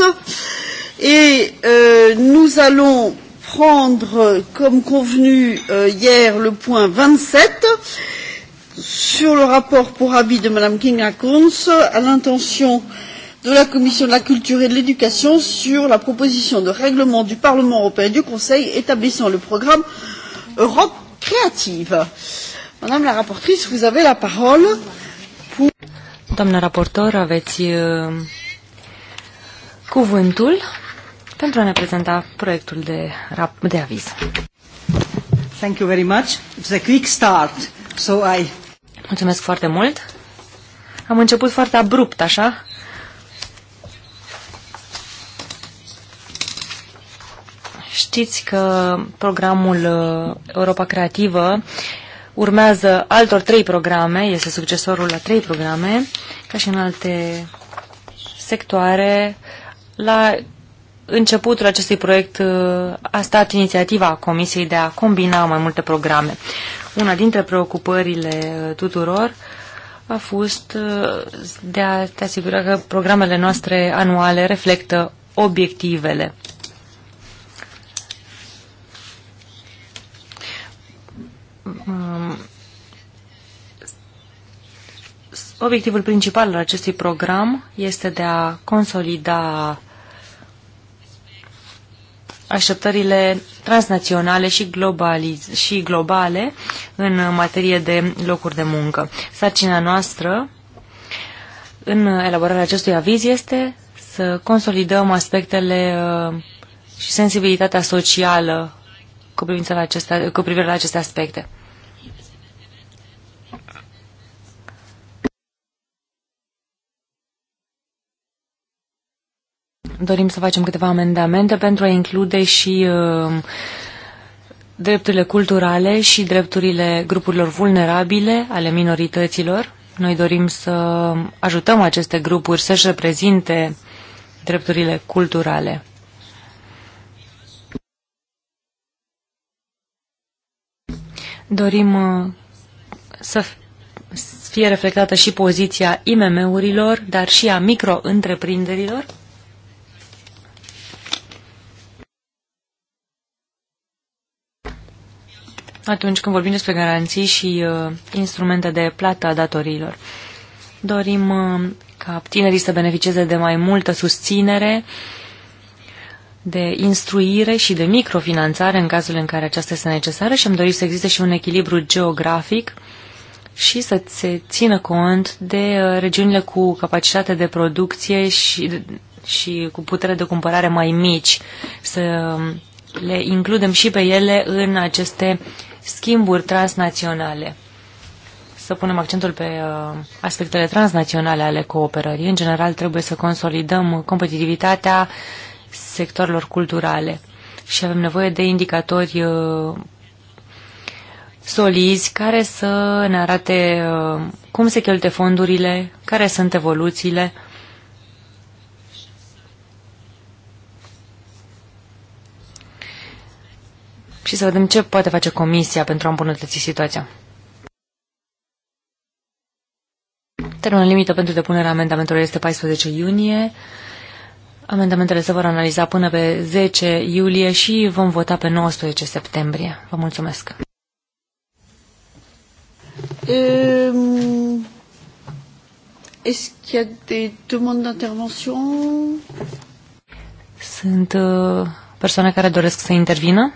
séance et euh, nous allons prendre comme convenu euh, hier le point 27 sur le rapport pour avis de Mme King-Akons à l'intention de la Commission de la culture et de l'éducation sur la proposition de règlement du Parlement européen et du Conseil établissant le programme Europe créative. Madame la rapporteure, vous avez la parole. Pour... Doamna raportor, aveți euh, cuvântul pentru a ne prezenta proiectul de, rap- de aviz. Thank you very much. It's a quick start, so I... Mulțumesc foarte mult. Am început foarte abrupt, așa? Știți că programul uh, Europa Creativă urmează altor trei programe, este succesorul la trei programe, ca și în alte sectoare la începutul acestui proiect uh, a stat inițiativa Comisiei de a combina mai multe programe. Una dintre preocupările uh, tuturor a fost uh, de a te asigura că programele noastre anuale reflectă obiectivele. Um, obiectivul principal al acestui program este de a consolida așteptările transnaționale și, globaliz- și globale în materie de locuri de muncă. Sarcina noastră în elaborarea acestui aviz este să consolidăm aspectele uh, și sensibilitatea socială cu, la aceste, cu privire la aceste aspecte. dorim să facem câteva amendamente pentru a include și uh, drepturile culturale și drepturile grupurilor vulnerabile ale minorităților. Noi dorim să ajutăm aceste grupuri să-și reprezinte drepturile culturale. Dorim uh, să fie reflectată și poziția IMM-urilor, dar și a micro-întreprinderilor. atunci când vorbim despre garanții și uh, instrumente de plată a datoriilor. Dorim uh, ca tinerii să beneficieze de mai multă susținere, de instruire și de microfinanțare în cazul în care aceasta este necesară și am dorit să existe și un echilibru geografic și să se țină cont de uh, regiunile cu capacitate de producție și, și cu putere de cumpărare mai mici, să um, le includem și pe ele în aceste schimburi transnaționale. Să punem accentul pe uh, aspectele transnaționale ale cooperării. În general, trebuie să consolidăm competitivitatea sectorilor culturale și avem nevoie de indicatori uh, solizi care să ne arate uh, cum se cheltuie fondurile, care sunt evoluțiile, și să vedem ce poate face Comisia pentru a îmbunătăți situația. Termenul limită pentru depunerea amendamentelor este 14 iunie. Amendamentele se vor analiza până pe 10 iulie și vom vota pe 19 septembrie. Vă mulțumesc. Um, Est-ce qu'il y a des demandes d'intervention Sunt uh, persoane care doresc să intervină?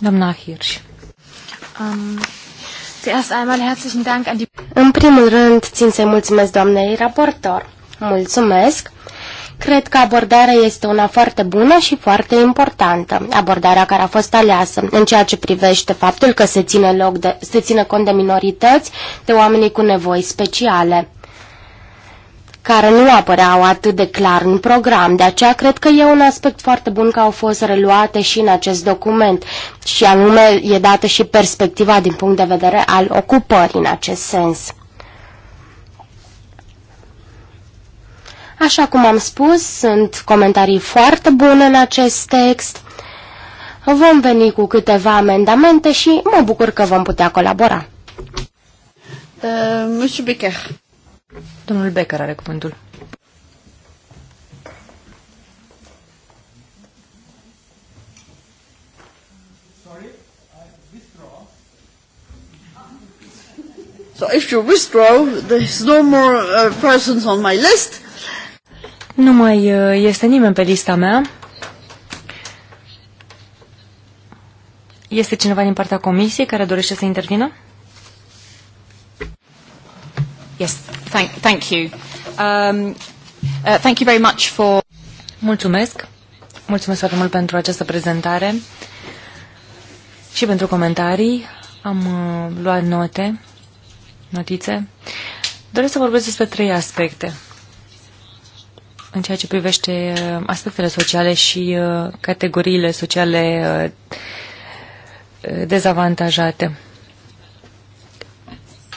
Doamna Hirsch. Um... În primul rând, țin să-i mulțumesc doamnei raportor. Mulțumesc! Cred că abordarea este una foarte bună și foarte importantă, abordarea care a fost aleasă în ceea ce privește faptul că se ține, loc de, se ține cont de minorități, de oamenii cu nevoi speciale care nu apăreau atât de clar în program. De aceea cred că e un aspect foarte bun că au fost reluate și în acest document și anume e dată și perspectiva din punct de vedere al ocupării în acest sens. Așa cum am spus, sunt comentarii foarte bune în acest text. Vom veni cu câteva amendamente și mă bucur că vom putea colabora. Uh, Monsieur Becker. Domnul Becker are cuvântul. So if you withdraw, there's no more uh, persons on my list. Nu mai uh, este nimeni pe lista mea. Este cineva din partea comisiei care dorește să intervină? Yes, thank, thank you. Um, uh, thank you very much for... Mulțumesc. Mulțumesc foarte mult pentru această prezentare și pentru comentarii. Am uh, luat note, notițe. Doresc să vorbesc despre trei aspecte în ceea ce privește uh, aspectele sociale și uh, categoriile sociale uh, dezavantajate.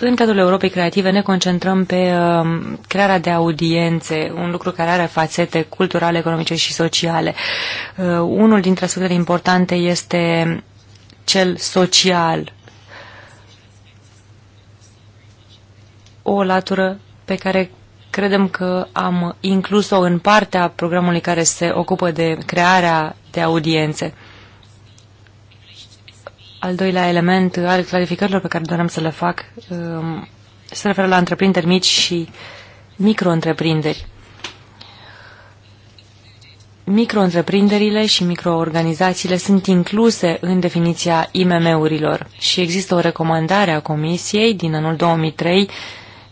În cadrul Europei Creative ne concentrăm pe uh, crearea de audiențe, un lucru care are fațete culturale, economice și sociale. Uh, unul dintre aspectele importante este cel social, o latură pe care credem că am inclus-o în partea programului care se ocupă de crearea de audiențe. Al doilea element al clarificărilor pe care doream să le fac um, se referă la întreprinderi mici și micro-întreprinderi. Micro-întreprinderile și microorganizațiile sunt incluse în definiția IMM-urilor și există o recomandare a Comisiei din anul 2003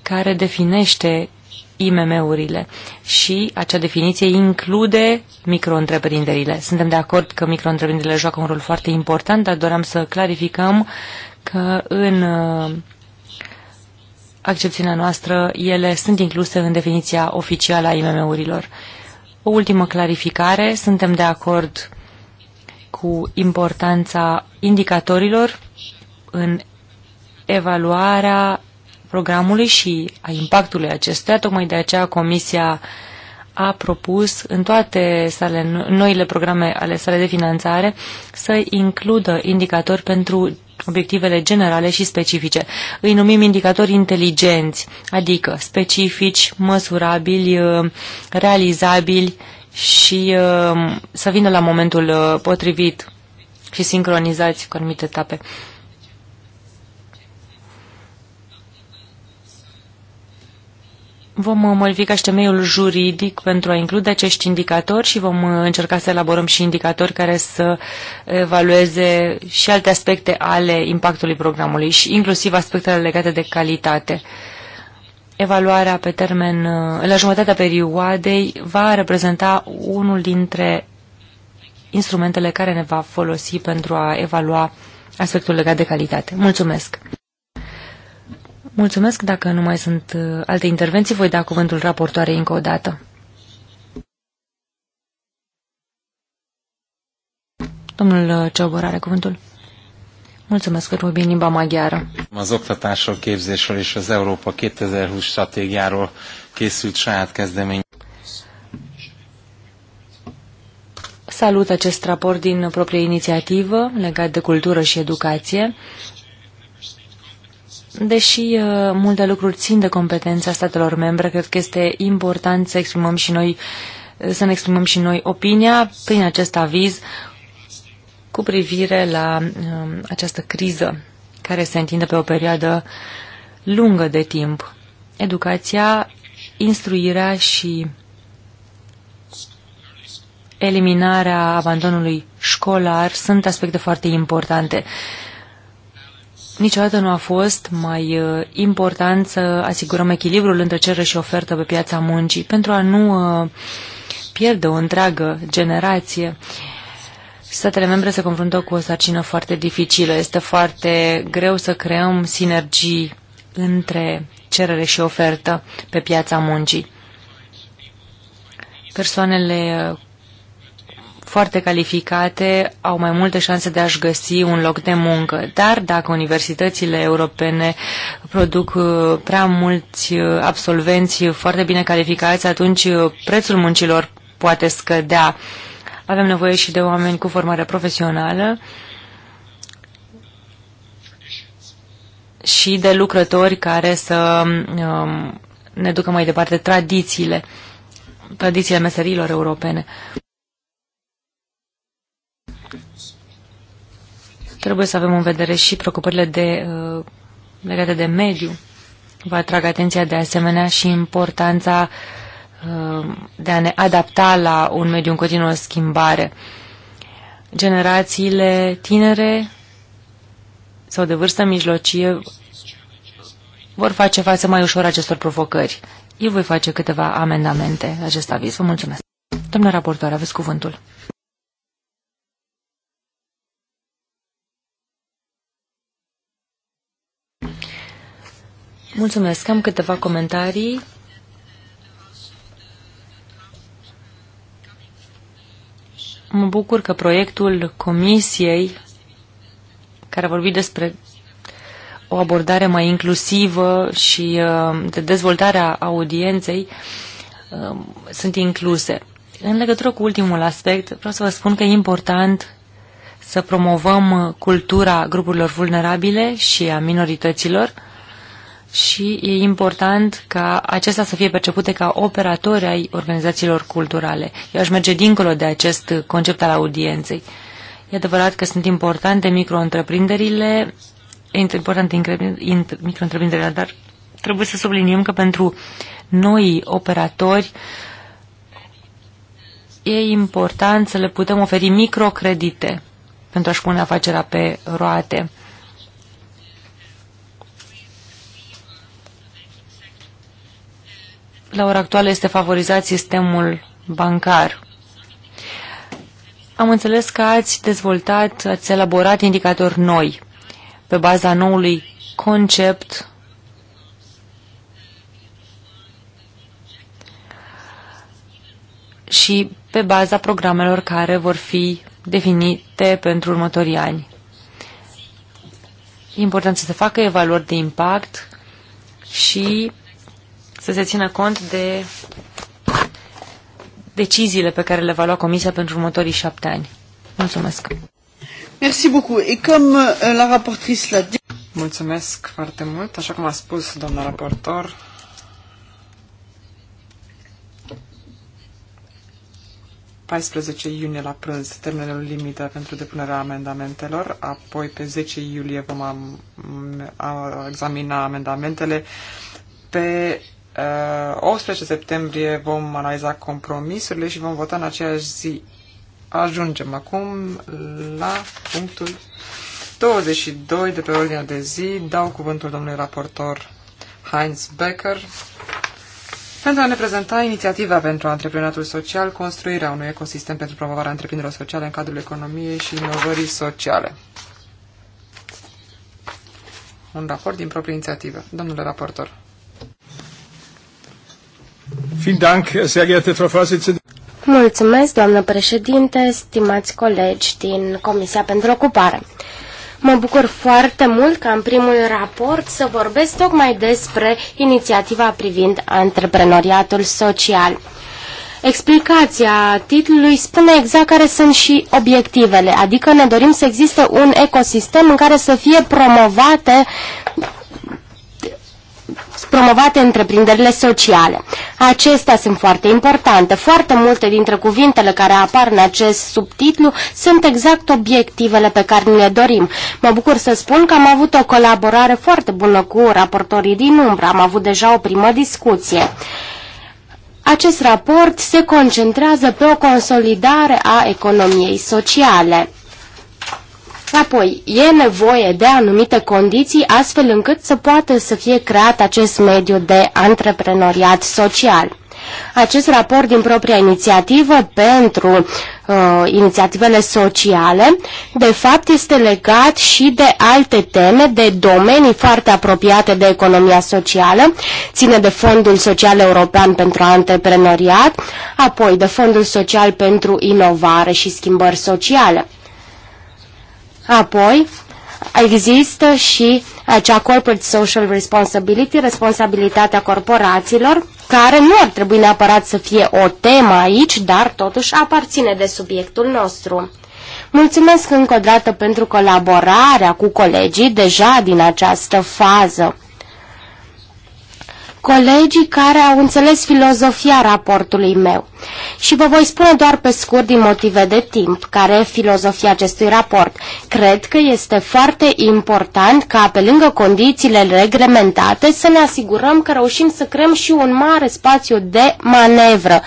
care definește IMM-urile și acea definiție include micro-întreprinderile. Suntem de acord că micro-întreprinderile joacă un rol foarte important, dar doream să clarificăm că în uh, accepțiunea noastră ele sunt incluse în definiția oficială a IMM-urilor. O ultimă clarificare, suntem de acord cu importanța indicatorilor în evaluarea programului și a impactului acestuia. Tocmai de aceea Comisia a propus în toate sale, noile programe ale sale de finanțare să includă indicatori pentru obiectivele generale și specifice. Îi numim indicatori inteligenți, adică specifici, măsurabili, realizabili și să vină la momentul uh, potrivit și sincronizați cu anumite etape. Vom uh, modifica și temeiul juridic pentru a include acești indicatori și vom uh, încerca să elaborăm și indicatori care să evalueze și alte aspecte ale impactului programului și inclusiv aspectele legate de calitate. Evaluarea pe termen, uh, la jumătatea perioadei va reprezenta unul dintre instrumentele care ne va folosi pentru a evalua aspectul legat de calitate. Mulțumesc! Mulțumesc. Dacă nu mai sunt uh, alte intervenții, voi da cuvântul raportoarei încă o dată. Domnul uh, Ceobor are cuvântul. Mulțumesc, vorbim limba maghiară. Az oktatásról, képzésről és az Európa 2020 stratégiáról készült saját kezdemény. Salut acest raport din proprie inițiativă legat de cultură și educație. Deși uh, multe lucruri țin de competența statelor membre, cred că este important să exprimăm și noi uh, să ne exprimăm și noi opinia prin acest aviz cu privire la um, această criză care se întinde pe o perioadă lungă de timp. Educația, instruirea și eliminarea abandonului școlar sunt aspecte foarte importante. Uh, Niciodată nu a fost mai uh, important să asigurăm echilibrul între cerere și ofertă pe piața muncii pentru a nu uh, pierde o întreagă generație. Statele membre se confruntă cu o sarcină foarte dificilă. Este foarte greu să creăm sinergii între cerere și ofertă pe piața muncii. Persoanele foarte calificate au mai multe șanse de a-și găsi un loc de muncă. Dar dacă universitățile europene produc uh, prea mulți uh, absolvenți foarte bine calificați, atunci uh, prețul muncilor poate scădea. Avem nevoie și de oameni cu formare profesională și de lucrători care să um, ne ducă mai departe tradițiile, tradițiile meserilor europene. Trebuie să avem în vedere și preocupările de, uh, legate de mediu. Vă atrag atenția de asemenea și importanța uh, de a ne adapta la un mediu în continuă schimbare. Generațiile tinere sau de vârstă mijlocie vor face față mai ușor acestor provocări. Eu voi face câteva amendamente la acest aviz. Vă mulțumesc. Domnule raportor, aveți cuvântul. Mulțumesc. Am câteva comentarii. Mă bucur că proiectul Comisiei, care a vorbit despre o abordare mai inclusivă și uh, de dezvoltarea audienței, uh, sunt incluse. În legătură cu ultimul aspect, vreau să vă spun că e important să promovăm cultura grupurilor vulnerabile și a minorităților, și e important ca acestea să fie percepute ca operatori ai organizațiilor culturale. Eu aș merge dincolo de acest concept al audienței. E adevărat că sunt importante micro-întreprinderile, importante micro-întreprinderile, dar trebuie să subliniem că pentru noi operatori e important să le putem oferi microcredite pentru a-și pune afacerea pe roate. la ora actuală este favorizat sistemul bancar. Am înțeles că ați dezvoltat, ați elaborat indicatori noi pe baza noului concept și pe baza programelor care vor fi definite pentru următorii ani. E important să se facă evaluări de impact și să se țină cont de deciziile pe care le va lua Comisia pentru următorii șapte ani. Mulțumesc! Merci beaucoup. Et comme euh, la rapportrice l'a dit... Mulțumesc foarte mult, așa cum a spus doamna raportor. ...14 iunie la prânz, termenul limită pentru depunerea amendamentelor, apoi pe 10 iulie vom am, examina amendamentele pe Uh, 18 septembrie vom analiza compromisurile și vom vota în aceeași zi. Ajungem acum la punctul 22 de pe ordinea de zi. Dau cuvântul domnului raportor Heinz Becker pentru a ne prezenta inițiativa pentru antreprenatul social, construirea unui ecosistem pentru promovarea întreprinderilor sociale în cadrul economiei și inovării sociale. Un raport din proprie inițiativă. Domnule raportor. Mulțumesc, doamnă președinte, stimați colegi din Comisia pentru Ocupare. Mă bucur foarte mult ca în primul raport să vorbesc tocmai despre inițiativa privind antreprenoriatul social. Explicația titlului spune exact care sunt și obiectivele, adică ne dorim să existe un ecosistem în care să fie promovate promovate întreprinderile sociale. Acestea sunt foarte importante. Foarte multe dintre cuvintele care apar în acest subtitlu sunt exact obiectivele pe care ne le dorim. Mă bucur să spun că am avut o colaborare foarte bună cu raportorii din umbră. Am avut deja o primă discuție. Acest raport se concentrează pe o consolidare a economiei sociale. Apoi, e nevoie de anumite condiții astfel încât să poată să fie creat acest mediu de antreprenoriat social. Acest raport din propria inițiativă pentru uh, inițiativele sociale, de fapt, este legat și de alte teme, de domenii foarte apropiate de economia socială, ține de Fondul Social European pentru Antreprenoriat, apoi de Fondul Social pentru Inovare și Schimbări Sociale. Apoi, există și acea corporate social responsibility, responsabilitatea corporațiilor, care nu ar trebui neapărat să fie o temă aici, dar totuși aparține de subiectul nostru. Mulțumesc încă o dată pentru colaborarea cu colegii deja din această fază colegii care au înțeles filozofia raportului meu. Și vă voi spune doar pe scurt din motive de timp care e filozofia acestui raport. Cred că este foarte important ca pe lângă condițiile reglementate să ne asigurăm că reușim să creăm și un mare spațiu de manevră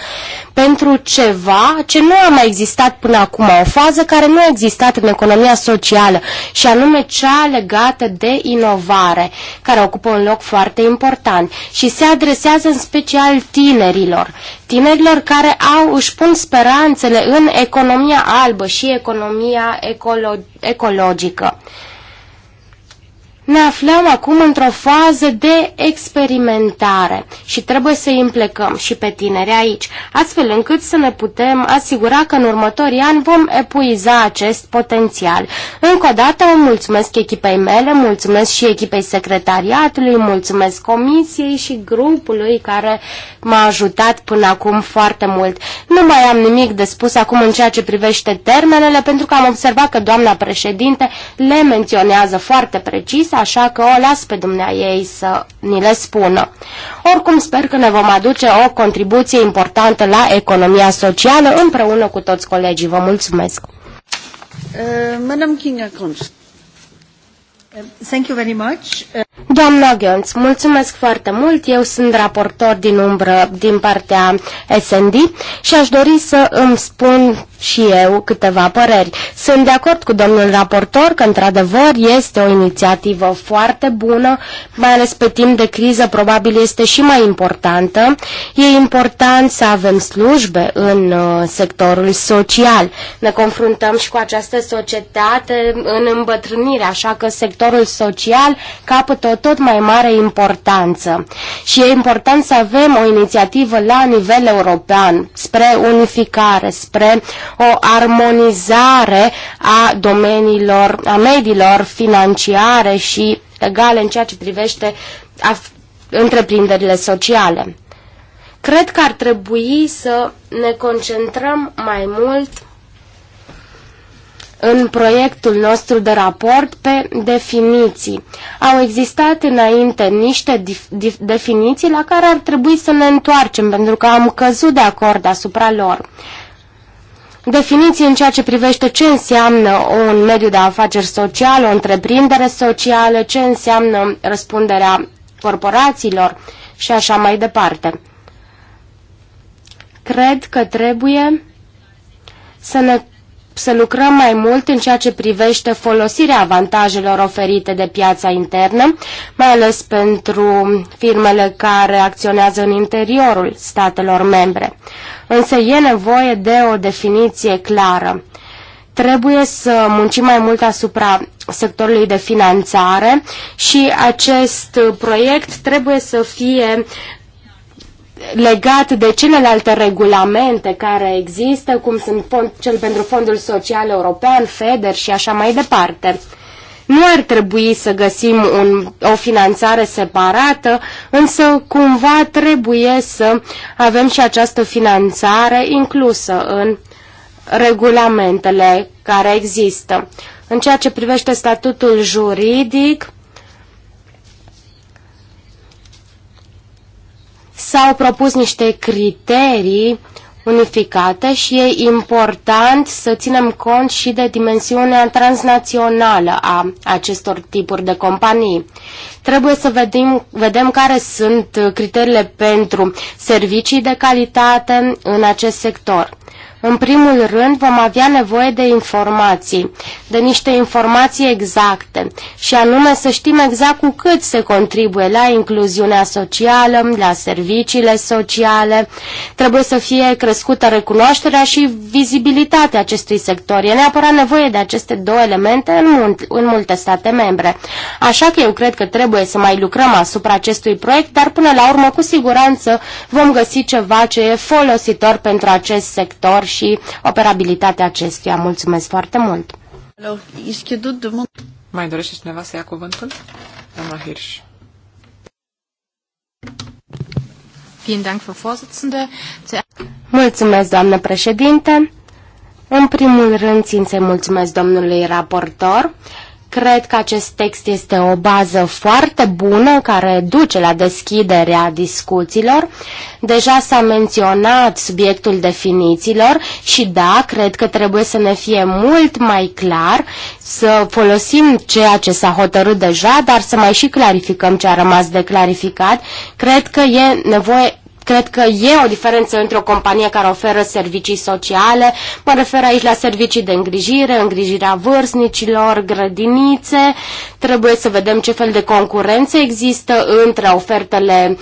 pentru ceva ce nu a mai existat până acum, o fază care nu a existat în economia socială și anume cea legată de inovare, care ocupă un loc foarte important și și se adresează în special tinerilor, tinerilor care au, își pun speranțele în economia albă și economia ecolo- ecologică. Ne aflăm acum într-o fază de experimentare și trebuie să implicăm și pe tineri aici, astfel încât să ne putem asigura că în următorii ani vom epuiza acest potențial. Încă o dată îmi mulțumesc echipei mele, mulțumesc și echipei secretariatului, mulțumesc comisiei și grupului care m-a ajutat până acum foarte mult. Nu mai am nimic de spus acum în ceea ce privește termenele, pentru că am observat că doamna președinte le menționează foarte precis, așa că o las pe dumnea ei să ni le spună. Oricum sper că ne vom aduce o contribuție importantă la economia socială împreună cu toți colegii. Vă mulțumesc! Uh, Madam Thank you very much. Uh... Doamna Gheonț, mulțumesc foarte mult. Eu sunt raportor din umbră din partea SND și aș dori să îmi spun și eu câteva păreri. Sunt de acord cu domnul raportor că, într-adevăr, este o inițiativă foarte bună, mai ales pe timp de criză, probabil este și mai importantă. E important să avem slujbe în uh, sectorul social. Ne confruntăm și cu această societate în îmbătrânire, așa că sectorul social capătă capătă o tot mai mare importanță și e important să avem o inițiativă la nivel european spre unificare, spre o armonizare a domeniilor, a mediilor financiare și legale în ceea ce privește întreprinderile sociale. Cred că ar trebui să ne concentrăm mai mult în proiectul nostru de raport pe definiții. Au existat înainte niște definiții la care ar trebui să ne întoarcem, pentru că am căzut de acord asupra lor. Definiții în ceea ce privește ce înseamnă un mediu de afaceri social, o întreprindere socială, ce înseamnă răspunderea corporațiilor și așa mai departe. Cred că trebuie să ne să lucrăm mai mult în ceea ce privește folosirea avantajelor oferite de piața internă, mai ales pentru firmele care acționează în interiorul statelor membre. Însă e nevoie de o definiție clară. Trebuie să muncim mai mult asupra sectorului de finanțare și acest proiect trebuie să fie legat de celelalte regulamente care există, cum sunt fond, cel pentru Fondul Social European, FEDER și așa mai departe. Nu ar trebui să găsim un, o finanțare separată, însă cumva trebuie să avem și această finanțare inclusă în regulamentele care există. În ceea ce privește statutul juridic, s-au propus niște criterii unificate și e important să ținem cont și de dimensiunea transnațională a acestor tipuri de companii. Trebuie să vedem, vedem care sunt criteriile pentru servicii de calitate în acest sector. În primul rând, vom avea nevoie de informații, de niște informații exacte, și anume să știm exact cu cât se contribuie la incluziunea socială, la serviciile sociale. Trebuie să fie crescută recunoașterea și vizibilitatea acestui sector. E neapărat nevoie de aceste două elemente în, mult, în multe state membre. Așa că eu cred că trebuie să mai lucrăm asupra acestui proiect, dar până la urmă, cu siguranță, vom găsi ceva ce e folositor pentru acest sector și operabilitatea acestuia. Mulțumesc foarte mult! Mai dorește cineva să ia cuvântul? Doamna Hirsch. Mulțumesc, doamnă președinte. În primul rând, țin să mulțumesc domnului raportor. Cred că acest text este o bază foarte bună care duce la deschiderea discuțiilor. Deja s-a menționat subiectul definițiilor și da, cred că trebuie să ne fie mult mai clar să folosim ceea ce s-a hotărât deja, dar să mai și clarificăm ce a rămas de clarificat. Cred că e nevoie Cred că e o diferență între o companie care oferă servicii sociale, mă refer aici la servicii de îngrijire, îngrijirea vârstnicilor, grădinițe. Trebuie să vedem ce fel de concurență există între ofertele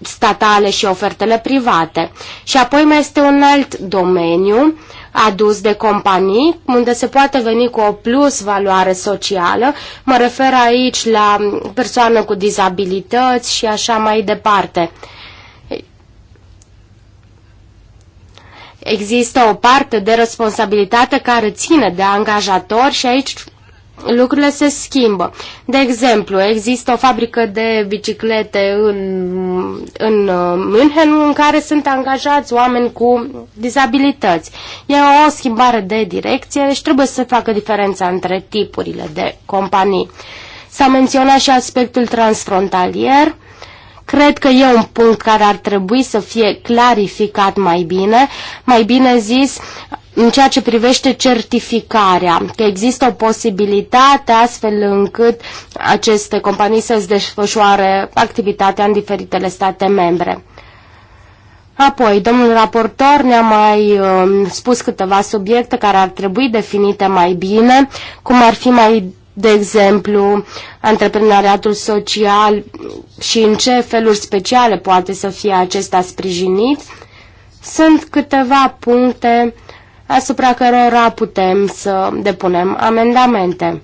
statale și ofertele private. Și apoi mai este un alt domeniu adus de companii, unde se poate veni cu o plus valoare socială. Mă refer aici la persoane cu dizabilități și așa mai departe. Există o parte de responsabilitate care ține de angajator și aici lucrurile se schimbă. De exemplu, există o fabrică de biciclete în, în uh, München în care sunt angajați oameni cu dizabilități. E o schimbare de direcție și trebuie să facă diferența între tipurile de companii. S-a menționat și aspectul transfrontalier. Cred că e un punct care ar trebui să fie clarificat mai bine, mai bine zis, în ceea ce privește certificarea, că există o posibilitate astfel încât aceste companii să-ți desfășoare activitatea în diferitele state membre. Apoi, domnul raportor ne-a mai uh, spus câteva subiecte care ar trebui definite mai bine, cum ar fi mai de exemplu, antreprenoriatul social și în ce feluri speciale poate să fie acesta sprijinit, sunt câteva puncte asupra cărora putem să depunem amendamente.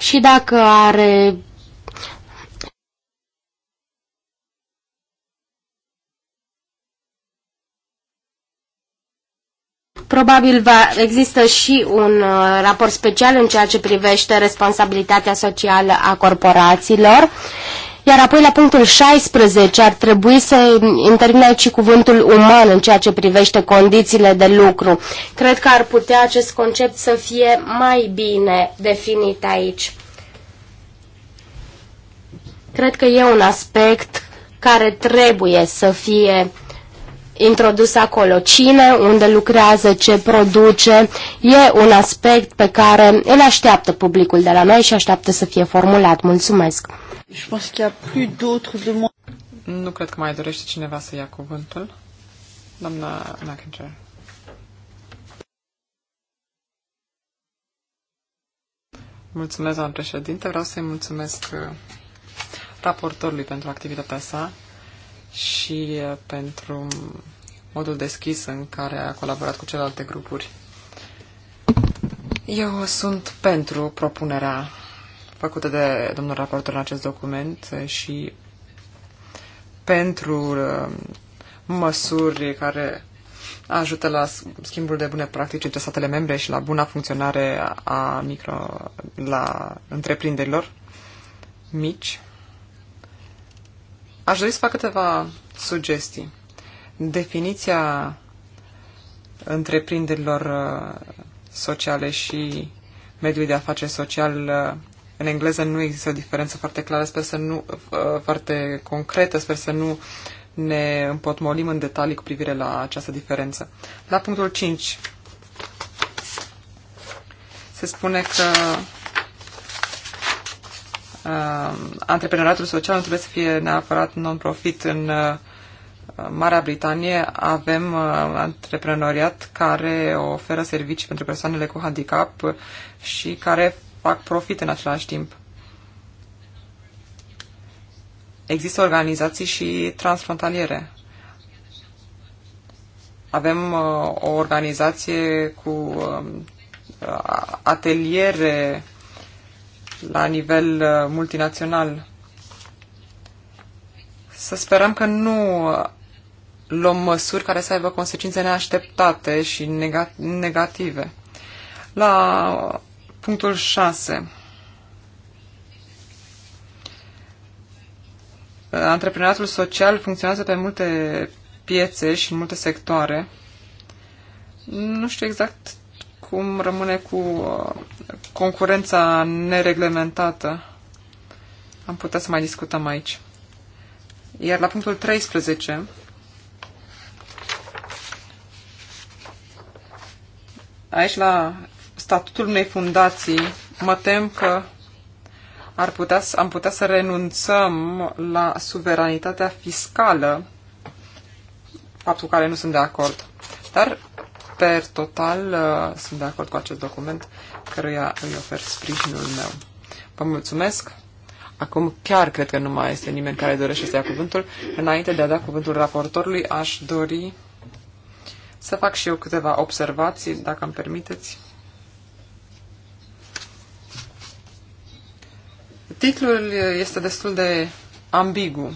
Și dacă are Probabil va, există și un uh, raport special în ceea ce privește responsabilitatea socială a corporațiilor. Iar apoi la punctul 16 ar trebui să intervine aici cuvântul uman în ceea ce privește condițiile de lucru. Cred că ar putea acest concept să fie mai bine definit aici. Cred că e un aspect care trebuie să fie uh, introdus acolo cine, unde lucrează, ce produce. E un aspect pe care îl așteaptă publicul de la noi și așteaptă să fie formulat. Mulțumesc! Nu cred că mai dorește cineva să ia cuvântul. Doamna McIntyre. Mulțumesc, doamnă președinte. Vreau să-i mulțumesc uh, raportorului pentru activitatea sa și uh, pentru modul deschis în care a colaborat cu celelalte grupuri. Eu sunt pentru propunerea făcută de domnul raportor în acest document și pentru uh, măsuri care ajută la schimbul de bune practici între statele membre și la buna funcționare a micro, la întreprinderilor mici. Aș dori să fac câteva sugestii definiția întreprinderilor uh, sociale și mediul de afaceri social uh, în engleză nu există o diferență foarte clară, sper să nu, uh, foarte concretă, sper să nu ne împotmolim în detalii cu privire la această diferență. La punctul 5 se spune că uh, antreprenoratul social nu trebuie să fie neapărat non-profit în uh, Marea Britanie avem uh, antreprenoriat care oferă servicii pentru persoanele cu handicap și care fac profit în același timp. Există organizații și transfrontaliere. Avem uh, o organizație cu um, ateliere la nivel uh, multinațional să sperăm că nu luăm măsuri care să aibă consecințe neașteptate și negative. La punctul 6. Antreprenatul social funcționează pe multe piețe și în multe sectoare. Nu știu exact cum rămâne cu uh, concurența nereglementată. Am putea să mai discutăm aici. Iar la punctul 13 aici la statutul unei fundații mă tem că ar putea, am putea să renunțăm la suveranitatea fiscală, faptul care nu sunt de acord. Dar, per total, uh, sunt de acord cu acest document, căruia îi ofer sprijinul meu. Vă mulțumesc! Acum chiar cred că nu mai este nimeni care dorește să ia cuvântul. Înainte de a da cuvântul raportorului, aș dori să fac și eu câteva observații, dacă îmi permiteți. Titlul este destul de ambigu.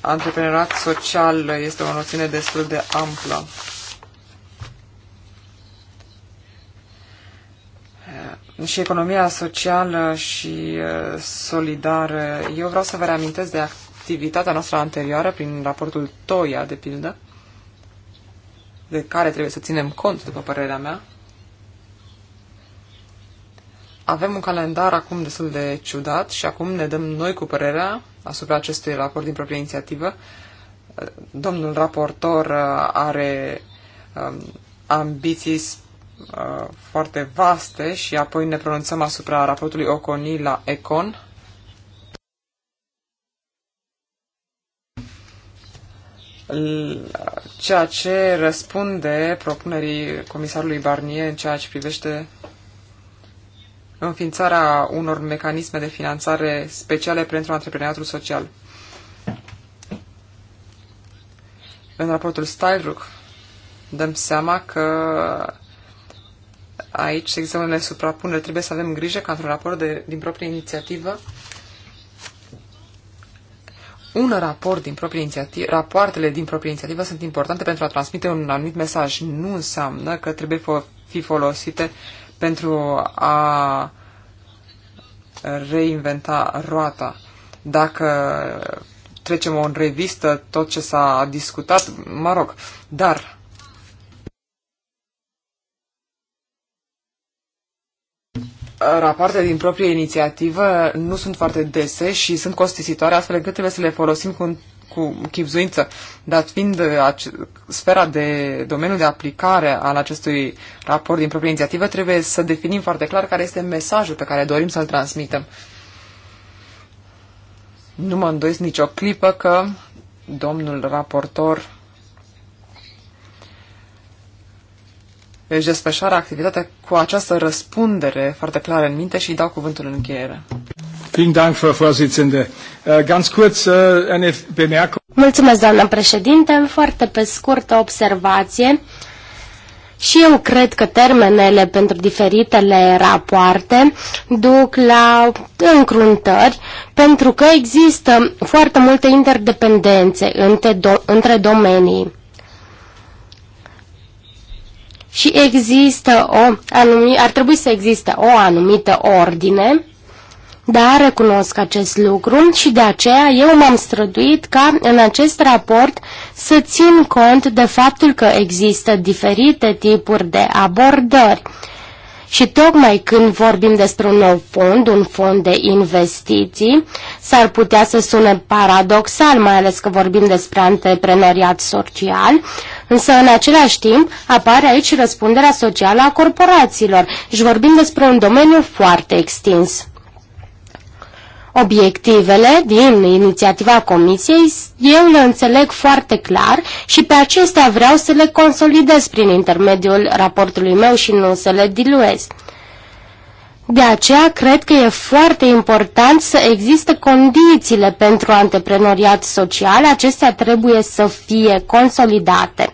Antreprenorat social este o noțiune destul de amplă. și economia socială și uh, solidară. Eu vreau să vă reamintesc de activitatea noastră anterioară prin raportul TOIA, de pildă, de care trebuie să ținem cont, după părerea mea. Avem un calendar acum destul de ciudat și acum ne dăm noi cu părerea asupra acestui raport din proprie inițiativă. Domnul raportor uh, are um, ambiții Uh, foarte vaste și apoi ne pronunțăm asupra raportului Oconi la Econ. Ceea ce răspunde propunerii comisarului Barnier în ceea ce privește înființarea unor mecanisme de finanțare speciale pentru antreprenoriatul social. În raportul Stylebrook dăm seama că aici se există unele suprapuneri. Trebuie să avem grijă ca într-un raport de, din proprie inițiativă un raport din proprie inițiativă, rapoartele din proprie inițiativă sunt importante pentru a transmite un anumit mesaj. Nu înseamnă că trebuie fi folosite pentru a reinventa roata. Dacă trecem o în revistă tot ce s-a discutat, mă rog, dar rapoarte din proprie inițiativă nu sunt foarte dese și sunt costisitoare, astfel încât trebuie să le folosim cu, cu chipzuință. Dar fiind uh, sfera de domeniul de aplicare al acestui raport din proprie inițiativă, trebuie să definim foarte clar care este mesajul pe care dorim să-l transmitem. Nu mă îndoiesc nicio clipă că domnul raportor își deci desfășoară activitatea cu această răspundere foarte clară în minte și îi dau cuvântul în încheiere. Äh, äh, Mulțumesc, doamnă președinte. Foarte pe scurtă observație. Și eu cred că termenele pentru diferitele rapoarte duc la încruntări, pentru că există foarte multe interdependențe între, do- între domenii și există o anumi, ar trebui să existe o anumită ordine, dar recunosc acest lucru și de aceea eu m-am străduit ca în acest raport să țin cont de faptul că există diferite tipuri de abordări și tocmai când vorbim despre un nou fond, un fond de investiții, s-ar putea să sune paradoxal, mai ales că vorbim despre antreprenoriat social, însă în același timp apare aici răspunderea socială a corporațiilor și deci vorbim despre un domeniu foarte extins obiectivele din inițiativa Comisiei, eu le înțeleg foarte clar și pe acestea vreau să le consolidez prin intermediul raportului meu și nu să le diluez. De aceea, cred că e foarte important să existe condițiile pentru antreprenoriat social, acestea trebuie să fie consolidate.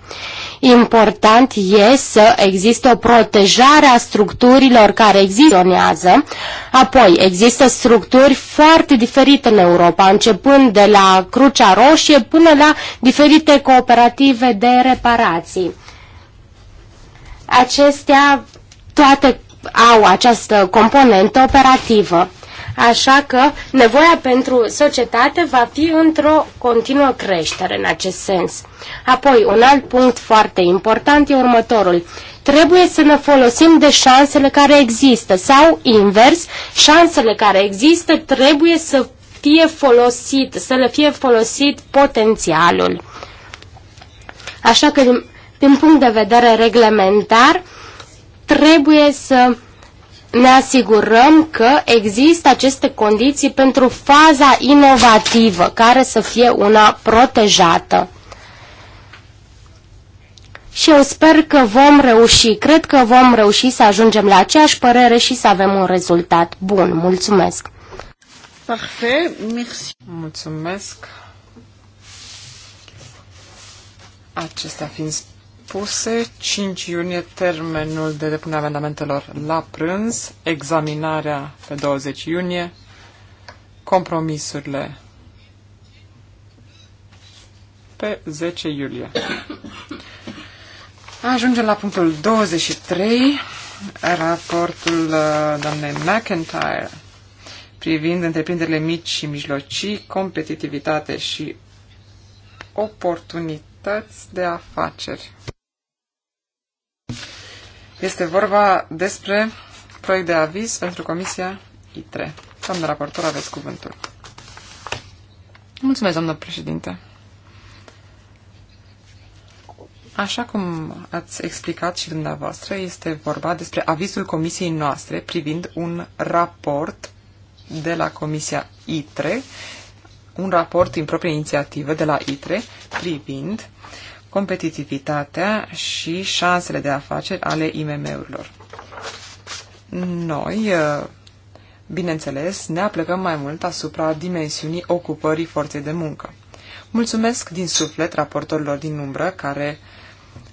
Important e să existe o protejare a structurilor care existionează. Apoi, există structuri foarte diferite în Europa, începând de la Crucea Roșie până la diferite cooperative de reparații. Acestea toate au această componentă operativă. Așa că nevoia pentru societate va fi într-o continuă creștere în acest sens. Apoi, un alt punct foarte important e următorul. Trebuie să ne folosim de șansele care există sau, invers, șansele care există trebuie să fie folosit, să le fie folosit potențialul. Așa că, din, din punct de vedere reglementar, trebuie să ne asigurăm că există aceste condiții pentru faza inovativă, care să fie una protejată. Și eu sper că vom reuși, cred că vom reuși să ajungem la aceeași părere și să avem un rezultat bun. Mulțumesc! Parfait, merci. Mulțumesc! Acesta fiind depuse, 5 iunie termenul de depunere amendamentelor la prânz, examinarea pe 20 iunie, compromisurile pe 10 iulie. Ajungem la punctul 23, raportul uh, doamnei McIntyre privind întreprinderile mici și mijlocii, competitivitate și oportunități de afaceri. Este vorba despre proiect de aviz pentru Comisia ITRE. Doamna raportor, aveți cuvântul. Mulțumesc, doamnă președinte. Așa cum ați explicat și dumneavoastră, este vorba despre avizul comisiei noastre privind un raport de la Comisia ITRE, un raport din proprie inițiativă de la ITRE privind uh, competitivitatea și șansele de afaceri ale IMM-urilor. Noi, uh, bineînțeles, ne aplecăm mai mult asupra dimensiunii ocupării forței de muncă. Mulțumesc din suflet raportorilor din umbră care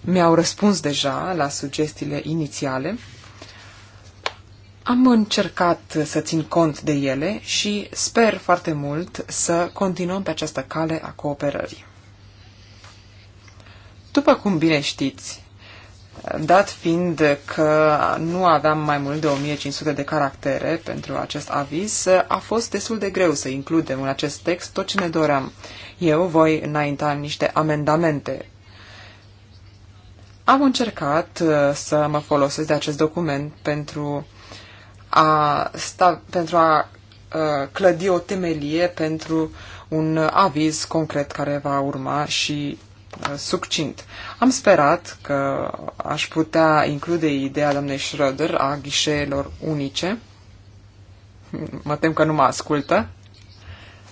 mi-au răspuns deja la sugestiile inițiale. Am încercat să țin cont de ele și sper foarte mult să continuăm pe această cale a cooperării. După cum bine știți, dat fiind că nu aveam mai mult de 1500 de caractere pentru acest aviz, a fost destul de greu să includem în acest text tot ce ne doream. Eu voi înainta niște amendamente. Am încercat uh, să mă folosesc de acest document pentru a, sta, pentru a uh, clădi o temelie pentru un aviz concret care va urma și Uh, succint. Am sperat că aș putea include ideea doamnei Schröder a ghișeelor unice. Mă tem că nu mă ascultă,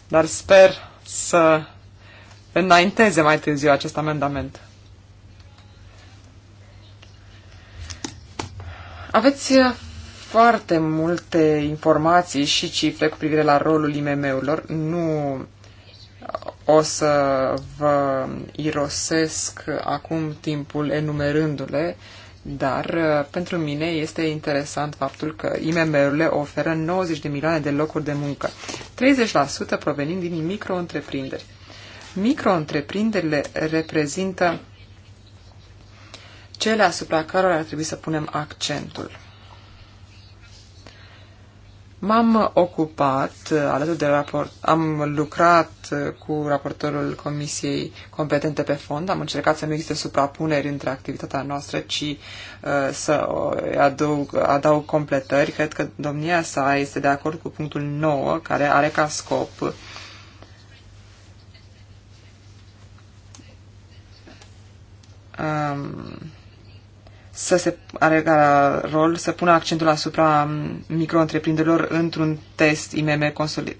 dar sper să înainteze mai târziu acest amendament. Aveți uh, foarte multe informații și cifre cu privire la rolul IMM-urilor. Nu o să vă irosesc acum timpul enumerându-le, dar uh, pentru mine este interesant faptul că IMM-urile oferă 90 de milioane de locuri de muncă, 30% provenind din micro-întreprinderi. Micro-întreprinderile reprezintă cele asupra cărora ar trebui să punem accentul. M-am ocupat uh, alături de raport, am lucrat uh, cu raportorul Comisiei competente pe fond, am încercat să nu existe suprapuneri între activitatea noastră, ci uh, să adaug, adaug completări. Cred că domnia sa este de acord cu punctul 9, care are ca scop um, să se are ca rol să pună accentul asupra micro într-un test IMM consolidat,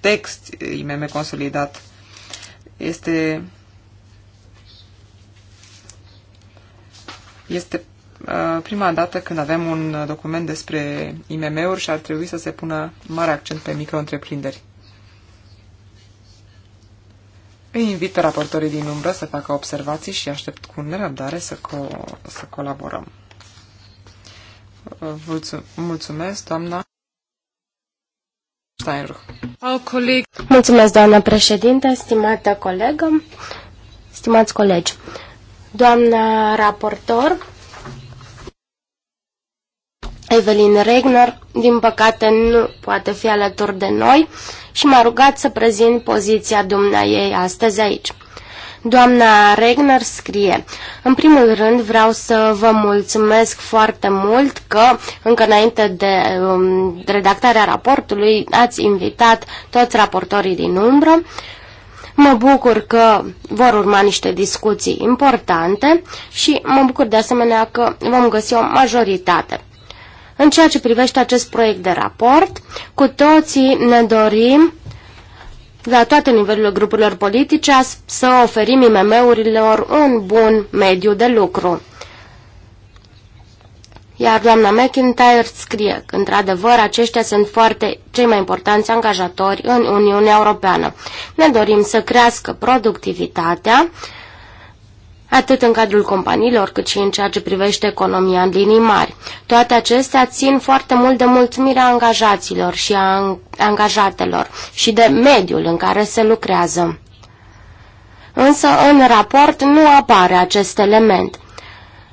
text IMM consolidat. Este este uh, prima dată când avem un document despre IMM-uri și ar trebui să se pună mare accent pe micro-întreprinderi. Îi invit pe raportorii din umbră să facă observații și aștept cu nerăbdare să, co- să colaborăm. Mulțumesc, doamna Mulțumesc, doamna președinte, stimată colegă, stimați colegi. Doamna raportor, Evelyn Regner, din păcate, nu poate fi alături de noi și m-a rugat să prezint poziția ei astăzi aici. Doamna Regner scrie, În primul rând vreau să vă mulțumesc foarte mult că, încă înainte de um, redactarea raportului, ați invitat toți raportorii din umbră. Mă bucur că vor urma niște discuții importante și mă bucur de asemenea că vom găsi o majoritate în ceea ce privește acest proiect de raport, cu toții ne dorim la toate nivelurile grupurilor politice să oferim IMM-urilor un bun mediu de lucru. Iar doamna McIntyre scrie că, într-adevăr, aceștia sunt foarte cei mai importanți angajatori în Uniunea Europeană. Ne dorim să crească productivitatea, atât în cadrul companiilor, cât și în ceea ce privește economia în linii mari. Toate acestea țin foarte mult de mulțumirea angajaților și a angajatelor și de mediul în care se lucrează. Însă în raport nu apare acest element.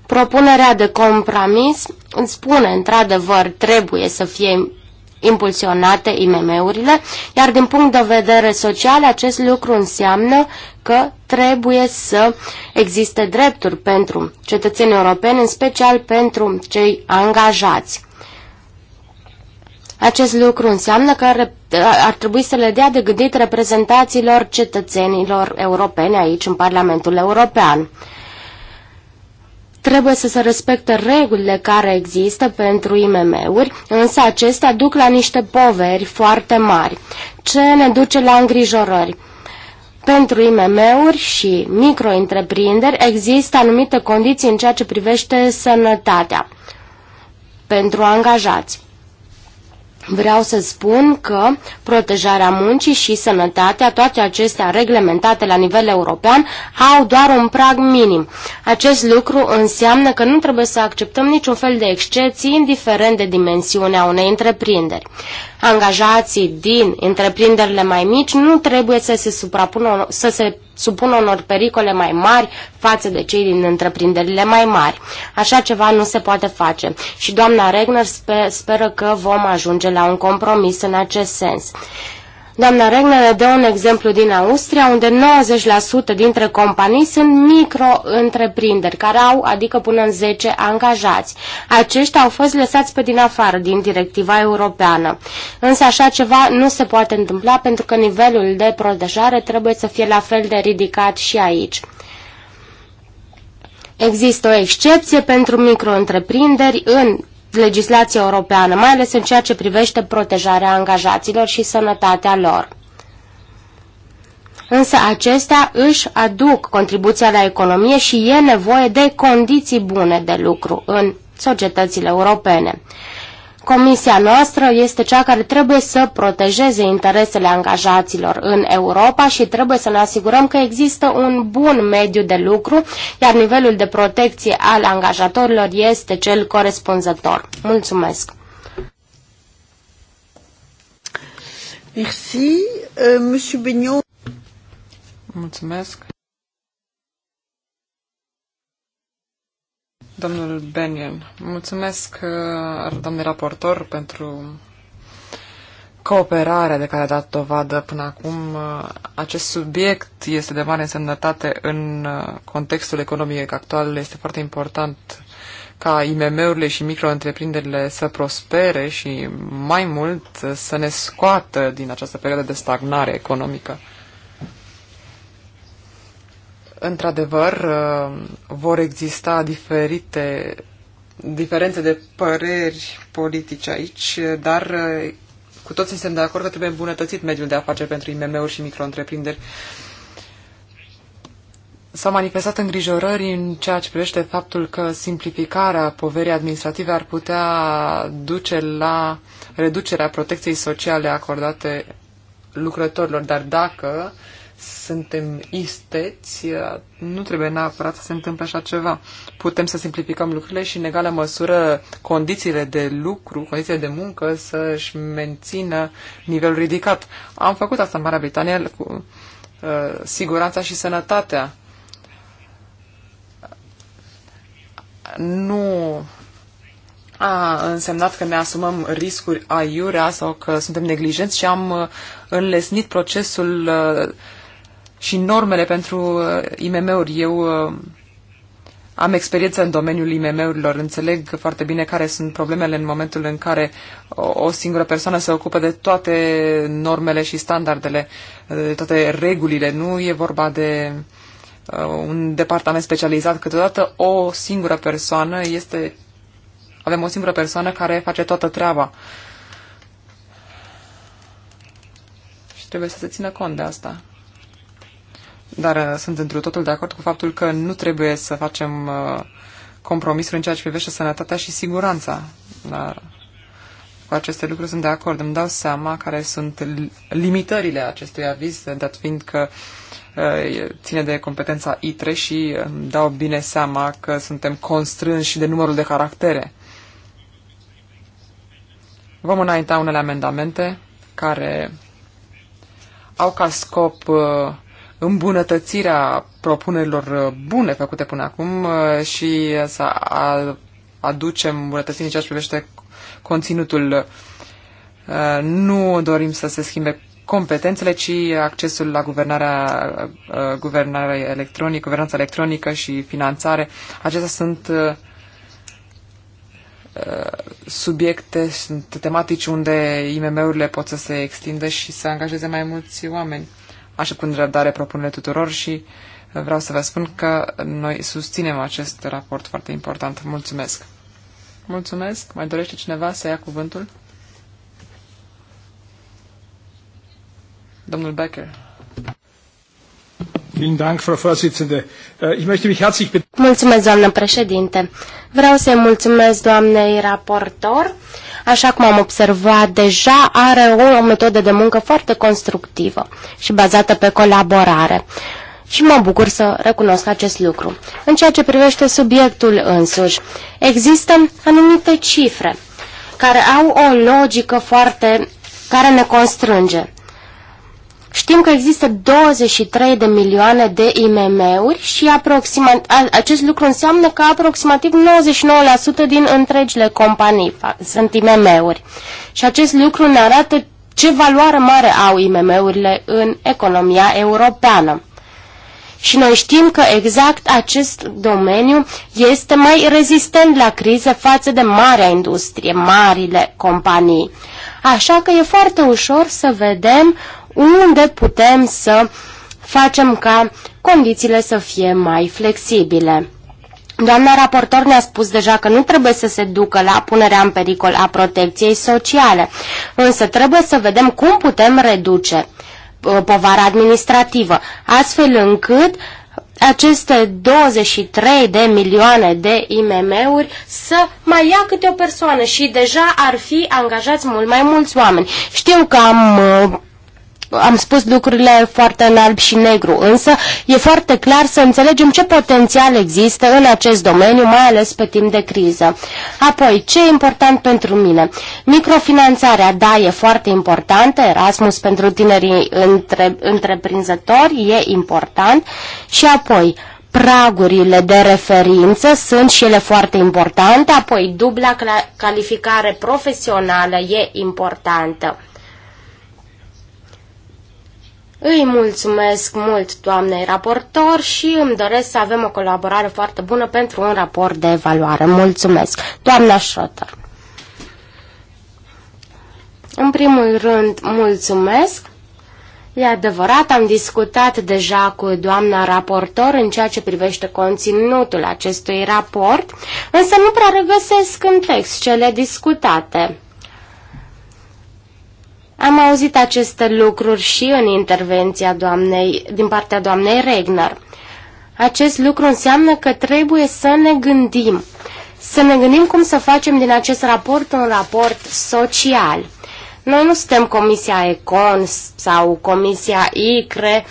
Propunerea de compromis spune într-adevăr trebuie să fie impulsionate IMM-urile, iar din punct de vedere social acest lucru înseamnă că trebuie să existe drepturi pentru cetățenii europeni, în special pentru cei angajați. Acest lucru înseamnă că ar trebui să le dea de gândit reprezentațiilor cetățenilor europeni aici în Parlamentul European. Trebuie să se respecte regulile care există pentru IMM-uri, însă acestea duc la niște poveri foarte mari, ce ne duce la îngrijorări. Pentru IMM-uri și micro există anumite condiții în ceea ce privește sănătatea pentru angajați. Vreau să spun că protejarea muncii și sănătatea, toate acestea reglementate la nivel european, au doar un prag minim. Acest lucru înseamnă că nu trebuie să acceptăm niciun fel de excepții, indiferent de dimensiunea unei întreprinderi. Angajații din întreprinderile mai mici nu trebuie să se, suprapună, să se supun unor pericole mai mari față de cei din întreprinderile mai mari. Așa ceva nu se poate face și doamna Regner speră că vom ajunge la un compromis în acest sens. Doamna Regner ne dă un exemplu din Austria, unde 90% dintre companii sunt micro-întreprinderi, care au, adică până în 10 angajați. Aceștia au fost lăsați pe din afară din directiva europeană. Însă așa ceva nu se poate întâmpla pentru că nivelul de protejare trebuie să fie la fel de ridicat și aici. Există o excepție pentru micro-întreprinderi în legislația europeană, mai ales în ceea ce privește protejarea angajaților și sănătatea lor. Însă acestea își aduc contribuția la economie și e nevoie de condiții bune de lucru în societățile europene. Comisia noastră este cea care trebuie să protejeze interesele angajaților în Europa și trebuie să ne asigurăm că există un bun mediu de lucru, iar nivelul de protecție al angajatorilor este cel corespunzător. Mulțumesc! Merci, uh, Monsieur Bignon. Mulțumesc. Domnul Benion, mulțumesc, uh, domnule raportor, pentru cooperarea de care a dat dovadă până acum. Uh, acest subiect este de mare însemnătate în uh, contextul economic actual. Este foarte important ca IMM-urile și micro-întreprinderile să prospere și mai mult să ne scoată din această perioadă de stagnare economică într-adevăr, uh, vor exista diferite diferențe de păreri politice aici, dar uh, cu toții suntem de acord că trebuie îmbunătățit mediul de afaceri pentru IMM-uri și micro-întreprinderi. S-au manifestat îngrijorări în ceea ce privește faptul că simplificarea poverii administrative ar putea duce la reducerea protecției sociale acordate lucrătorilor, dar dacă uh, suntem isteți, nu trebuie neapărat să se întâmple așa ceva. Putem să simplificăm lucrurile și, în egală măsură, condițiile de lucru, condițiile de muncă să-și mențină nivelul ridicat. Am făcut asta în Marea Britanie cu uh, siguranța și sănătatea. Nu a însemnat că ne asumăm riscuri aiurea sau că suntem neglijenți și am uh, înlesnit procesul uh, și normele pentru uh, IMM-uri. Eu uh, am experiență în domeniul IMM-urilor, înțeleg foarte bine care sunt problemele în momentul în care o, singură persoană se ocupă de toate normele și standardele, uh, de toate regulile. Nu e vorba de un departament specializat. Câteodată o singură persoană este... Avem o singură persoană care face toată treaba. Și trebuie să se țină cont de asta. Dar uh, sunt într totul de acord cu faptul că nu trebuie să facem uh, compromisuri în ceea ce privește sănătatea și siguranța. Dar cu aceste lucruri sunt de acord. Îmi dau seama care sunt limitările acestui aviz, dat fiind că uh, ține de competența ITRE și îmi dau bine seama că suntem constrânși și de numărul de caractere. Vom înainta unele amendamente care au ca scop îmbunătățirea propunerilor uh, bune făcute până acum uh, și să aducem îmbunătățiri în ceea ce privește conținutul. Uh, nu dorim să se schimbe competențele, ci accesul la guvernarea, guvernare electronică, guvernanța electronică și finanțare. Acestea sunt subiecte, sunt tematici unde IMM-urile pot să se extindă și să angajeze mai mulți oameni așteptând răbdare propunerile tuturor și uh, vreau să vă spun că noi susținem acest raport foarte important. Mulțumesc! Mulțumesc! Mai dorește cineva să ia cuvântul? Domnul Becker. Äh, mulțumesc, doamnă președinte. Vreau să-i mulțumesc doamnei raportor. Așa cum am observat deja, are o, o metodă de muncă foarte constructivă și bazată pe colaborare. Și mă bucur să recunosc acest lucru. În ceea ce privește subiectul însuși, există anumite cifre care au o logică foarte care ne constrânge. Știm că există 23 de milioane de IMM-uri și aproxima, acest lucru înseamnă că aproximativ 99% din întregile companii sunt IMM-uri. Și acest lucru ne arată ce valoare mare au IMM-urile în economia europeană. Și noi știm că exact acest domeniu este mai rezistent la crize față de marea industrie, marile companii. Așa că e foarte ușor să vedem unde putem să facem ca condițiile să fie mai flexibile. Doamna raportor ne-a spus deja că nu trebuie să se ducă la punerea în pericol a protecției sociale, însă trebuie să vedem cum putem reduce uh, povara administrativă, astfel încât aceste 23 de milioane de IMM-uri să mai ia câte o persoană și deja ar fi angajați mult mai mulți oameni. Știu că am uh, am spus lucrurile foarte în alb și negru, însă e foarte clar să înțelegem ce potențial există în acest domeniu, mai ales pe timp de criză. Apoi, ce e important pentru mine? Microfinanțarea, da, e foarte importantă, Erasmus pentru tinerii între, întreprinzători e important și apoi pragurile de referință sunt și ele foarte importante, apoi dubla calificare profesională e importantă. Îi mulțumesc mult doamnei raportor și îmi doresc să avem o colaborare foarte bună pentru un raport de evaluare. Mulțumesc. Doamna Schroeder. În primul rând, mulțumesc. E adevărat, am discutat deja cu doamna raportor în ceea ce privește conținutul acestui raport, însă nu prea regăsesc în text cele discutate. Am auzit aceste lucruri și în intervenția doamnei, din partea doamnei Regner. Acest lucru înseamnă că trebuie să ne gândim, să ne gândim cum să facem din acest raport un raport social. Noi nu suntem Comisia Econ sau Comisia ICRE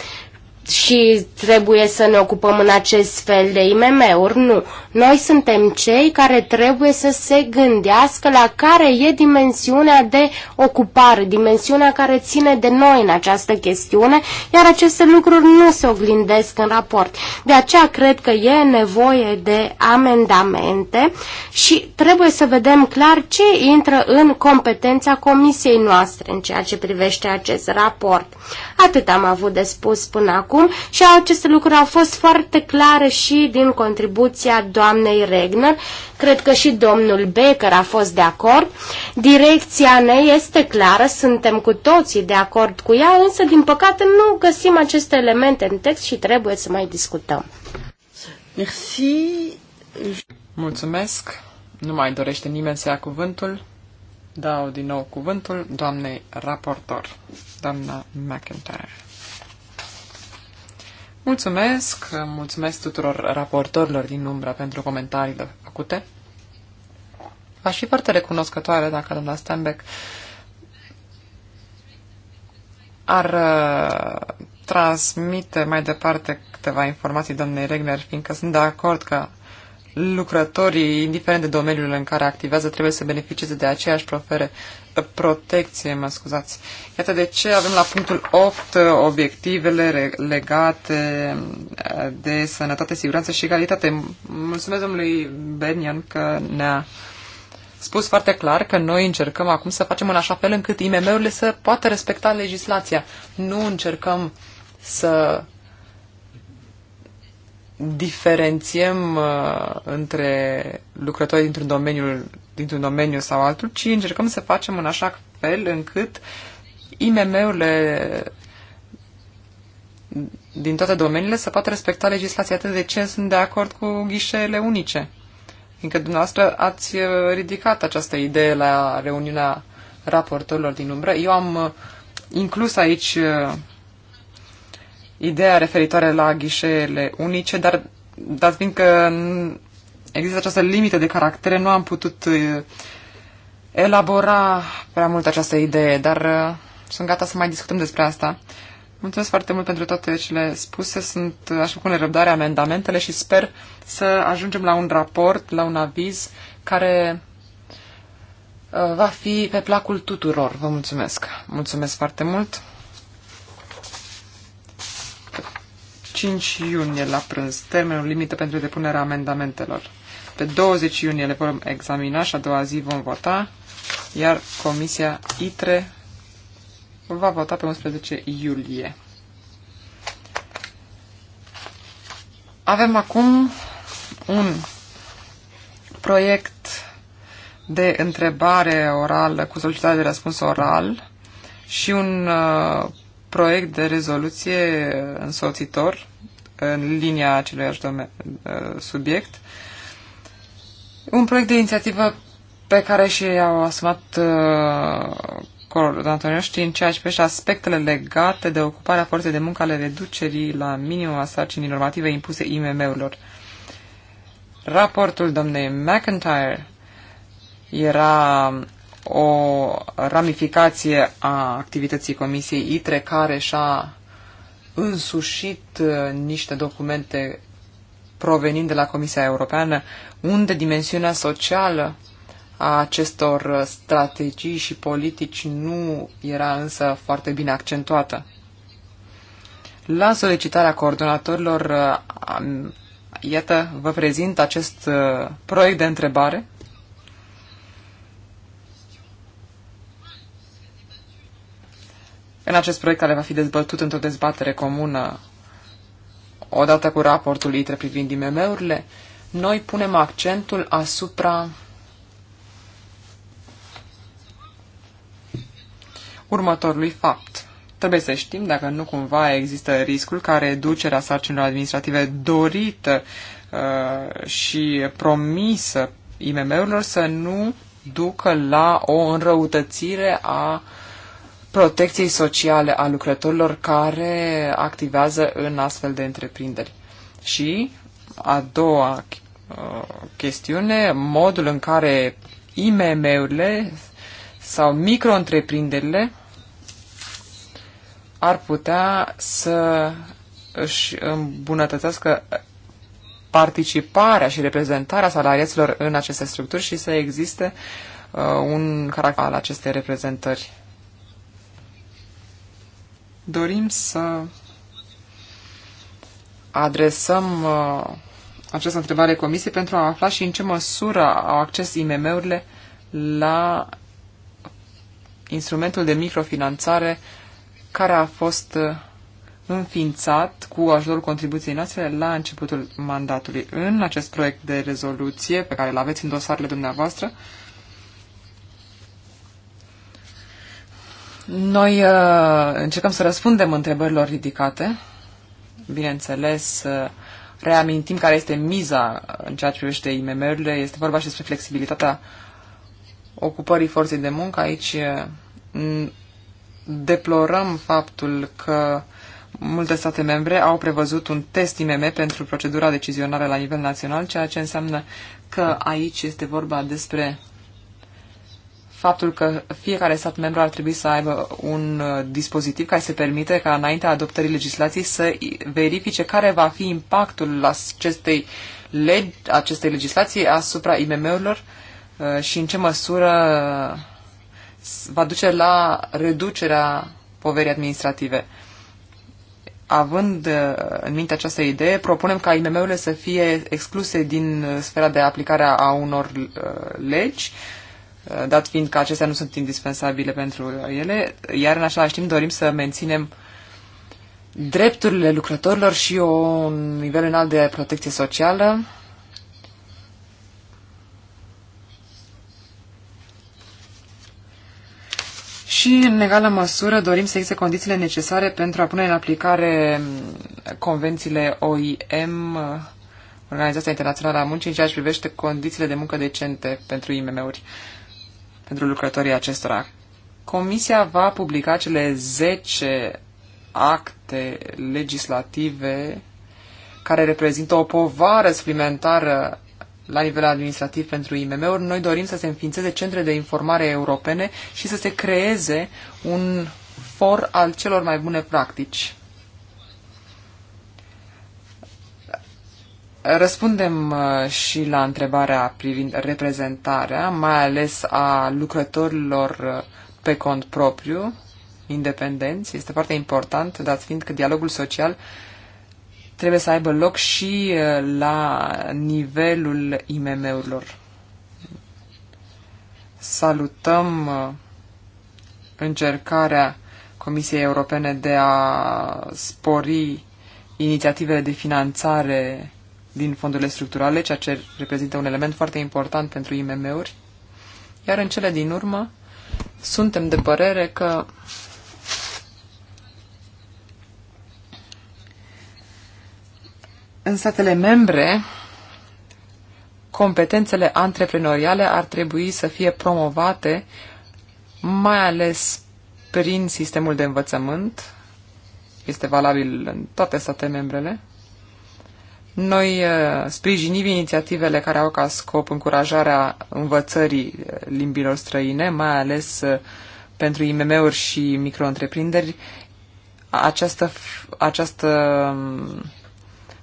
și trebuie să ne ocupăm în acest fel de IMM-uri, nu. Noi suntem cei care trebuie să se gândească la care e dimensiunea de ocupare, dimensiunea care ține de noi în această chestiune, iar aceste lucruri nu se oglindesc în raport. De aceea cred că e nevoie de amendamente și trebuie să vedem clar ce intră în competența comisiei noastre în ceea ce privește acest raport. Atât am avut de spus până acum și aceste lucruri au fost foarte clare și din contribuția doamnei doamnei Regner, cred că și domnul Becker a fost de acord. Direcția ne este clară, suntem cu toții de acord cu ea, însă din păcate nu găsim aceste elemente în text și trebuie să mai discutăm. Merci. Mulțumesc. Nu mai dorește nimeni să ia cuvântul. Dau din nou cuvântul doamnei raportor, doamna McIntyre. Mulțumesc, mulțumesc tuturor raportorilor din umbra pentru comentariile făcute. Aș fi foarte recunoscătoare dacă domnul Stenbeck ar uh, transmite mai departe câteva informații doamnei Regner, fiindcă sunt de acord că lucrătorii, indiferent de domeniul în care activează, trebuie să beneficieze de aceeași profere, uh, protecție, mă scuzați. Iată de ce avem la punctul 8 uh, obiectivele legate uh, de sănătate, siguranță și egalitate. Mulțumesc domnului Benian că ne-a spus foarte clar că noi încercăm acum să facem în așa fel încât IMM-urile să poată respecta legislația. Nu încercăm să diferențiem uh, între lucrători dintr-un domeniu, dintr-un domeniu sau altul, ci încercăm să facem în așa fel încât IMM-urile din toate domeniile să poată respecta legislația. Atât de ce sunt de acord cu ghișeele unice. Fiindcă dumneavoastră ați uh, ridicat această idee la reuniunea raportorilor din umbră. Eu am uh, inclus aici uh, ideea referitoare la ghișeele unice, dar dat fiind că există această limită de caractere, nu am putut uh, elabora prea mult această idee, dar uh, sunt gata să mai discutăm despre asta. Mulțumesc foarte mult pentru toate cele spuse. Sunt, uh, aș cu răbdare amendamentele și sper să ajungem la un raport, la un aviz care va fi pe placul tuturor. Vă mulțumesc. Mulțumesc foarte mult. 5 iunie la prânz, termenul limită pentru depunerea amendamentelor. Pe 20 iunie le vom examina și a doua zi vom vota, iar Comisia ITRE va vota pe 11 iulie. Avem acum un proiect de întrebare orală cu solicitare de răspuns oral și un uh, proiect de rezoluție însoțitor în linia acelui uh, subiect. Un proiect de inițiativă pe care și au asumat uh, coordonatorii noștri în ceea ce privește aspectele legate de ocuparea forței de muncă ale reducerii la minimum a sarcinii normative impuse IMM-urilor. Raportul domnei McIntyre era o ramificație a activității Comisiei ITRE care și-a însușit uh, niște documente provenind de la Comisia Europeană, unde dimensiunea socială a acestor uh, strategii și politici nu era însă foarte bine accentuată. La solicitarea coordonatorilor, uh, iată, vă prezint acest proiect de întrebare În acest proiect care va fi dezbătut într-o dezbatere comună odată cu raportul ITRE privind IMM-urile, noi punem accentul asupra următorului fapt. Trebuie să știm dacă nu cumva există riscul ca reducerea sarcinilor administrative dorită uh, și promisă IMM-urilor să nu ducă la o înrăutățire a uh, protecției sociale a lucrătorilor care activează în astfel de întreprinderi. Și a doua uh, chestiune, modul în care IMM-urile sau micro-întreprinderile ar putea să își îmbunătățească participarea și reprezentarea salariaților în aceste structuri și să existe uh, un caracter al acestei reprezentări dorim să adresăm uh, această întrebare comisiei pentru a afla și în ce măsură au acces IMM-urile la instrumentul de microfinanțare care a fost uh, înființat cu ajutorul contribuției noastre la începutul mandatului. În acest proiect de rezoluție pe care îl aveți în dosarele dumneavoastră, uh, Noi uh, încercăm să răspundem întrebărilor ridicate. Bineînțeles, uh, reamintim care este miza în ceea ce privește IMM-urile. Este vorba și despre flexibilitatea ocupării forței de muncă. Aici uh, deplorăm faptul că multe state membre au prevăzut un test IMM pentru procedura decizională la nivel național, ceea ce înseamnă că aici este vorba despre faptul că fiecare stat membru ar trebui să aibă un uh, dispozitiv care se permite ca înaintea adoptării legislației să verifice care va fi impactul acestei, legi, acestei legislații asupra IMM-urilor uh, și în ce măsură uh, va duce la reducerea poverii administrative. Având în minte această idee, propunem ca IMM-urile să fie excluse din sfera de aplicare a unor legi Uh, dat fiind că acestea nu sunt indispensabile pentru ele, iar în același timp dorim să menținem drepturile lucrătorilor și o, un nivel înalt de protecție socială. Și, în egală măsură, dorim să existe condițiile necesare pentru a pune în aplicare mm, convențiile OIM, uh, Organizația Internațională a Muncii, în ceea ce privește condițiile de muncă decente pentru IMM-uri pentru lucrătorii acestora. Comisia va publica cele 10 acte legislative care reprezintă o povară suplimentară la nivel administrativ pentru IMM-uri. Noi dorim să se înființeze centre de informare europene și să se creeze un for al celor mai bune practici. răspundem uh, și la întrebarea privind reprezentarea, mai ales a lucrătorilor uh, pe cont propriu, independenți. Este foarte important, dat fiind că dialogul social trebuie să aibă loc și uh, la nivelul IMM-urilor. Salutăm încercarea Comisiei Europene de a spori inițiativele de finanțare din fondurile structurale, ceea ce reprezintă un element foarte important pentru IMM-uri. Iar în cele din urmă, suntem de părere că în statele membre competențele antreprenoriale ar trebui să fie promovate mai ales prin sistemul de învățământ, este valabil în toate state membrele, noi uh, sprijinim inițiativele care au ca scop încurajarea învățării uh, limbilor străine, mai ales uh, pentru IMM-uri și micro-întreprinderi. Această, această um,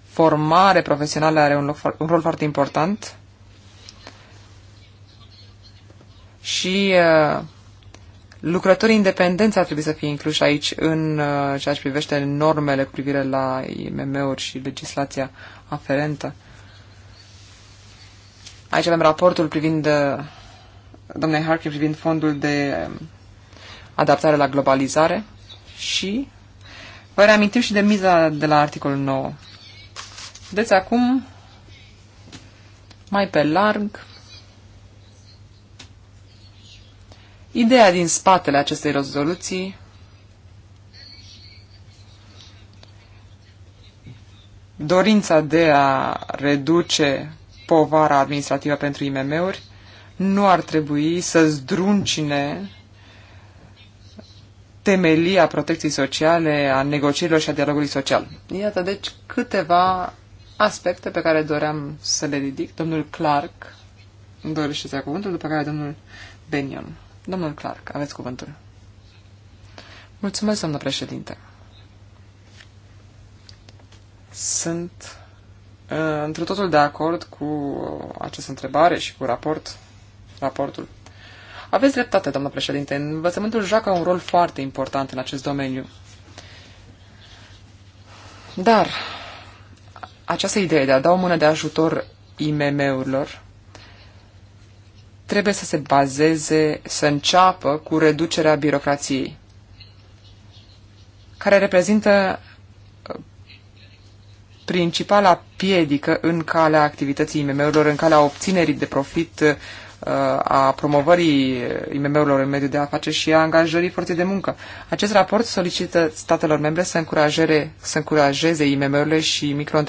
formare profesională are un, loc, un rol foarte important și Lucrătorii independenți ar trebui să fie incluși aici în uh, ceea ce privește normele cu privire la IMM-uri și legislația aferentă. Aici avem raportul privind uh, domnule Harkin privind fondul de um, adaptare la globalizare și vă reamintim și de miza de la articolul 9. Vedeți acum mai pe larg Ideea din spatele acestei rezoluții dorința de a reduce povara administrativă pentru IMM-uri nu ar trebui să zdruncine temelia protecției sociale, a negocierilor și a dialogului social. Iată, deci, câteva aspecte pe care doream să le ridic. Domnul Clark dorește să ia cuvântul, după care domnul Benion. Domnul Clark, aveți cuvântul. Mulțumesc, doamnă președinte. Sunt uh, într totul de acord cu uh, această întrebare și cu raport, raportul. Aveți dreptate, doamnă președinte. Învățământul joacă un rol foarte important în acest domeniu. Dar această idee de a da o mână de ajutor IMM-urilor trebuie să se bazeze, să înceapă cu reducerea birocrației, care reprezintă uh, principala piedică în calea activității IMM-urilor, în calea obținerii de profit uh, a promovării IMM-urilor în mediul de afaceri și a angajării forței de muncă. Acest raport solicită statelor membre să, încurajeze, să încurajeze IMM-urile și micro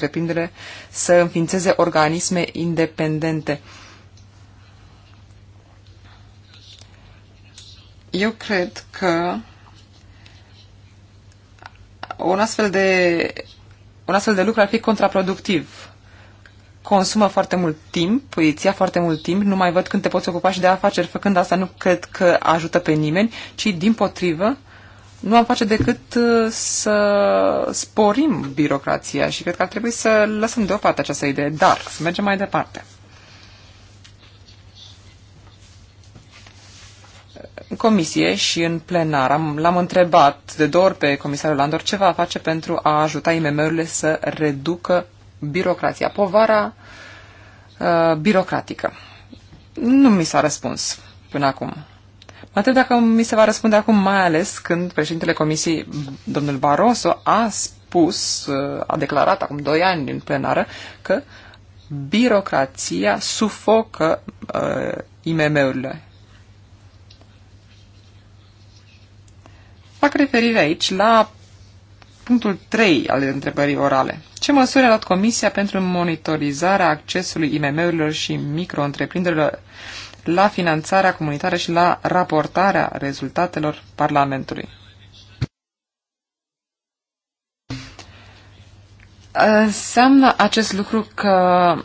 să înființeze organisme independente Eu cred că un astfel de, un astfel de lucru ar fi contraproductiv. Consumă foarte mult timp, îți ia foarte mult timp, nu mai văd când te poți ocupa și de afaceri. Făcând asta nu cred că ajută pe nimeni, ci din potrivă nu am face decât uh, să sporim birocrația și cred că ar trebui să lăsăm deoparte această idee, dar să mergem mai departe. comisie și în plenar. L-am întrebat de două ori pe comisarul Landor ce va face pentru a ajuta IMM-urile să reducă birocrația, povara uh, birocratică. Nu mi s-a răspuns până acum. Mă întreb dacă mi se va răspunde acum, mai ales când președintele Comisiei, domnul Barroso, a spus, uh, a declarat acum doi ani în plenară, că birocrația sufocă uh, IMM-urile Fac referire aici la punctul 3 al întrebării orale. Ce măsuri a luat Comisia pentru monitorizarea accesului IMM-urilor și micro-întreprinderilor la finanțarea comunitară și la raportarea rezultatelor Parlamentului? Înseamnă acest lucru că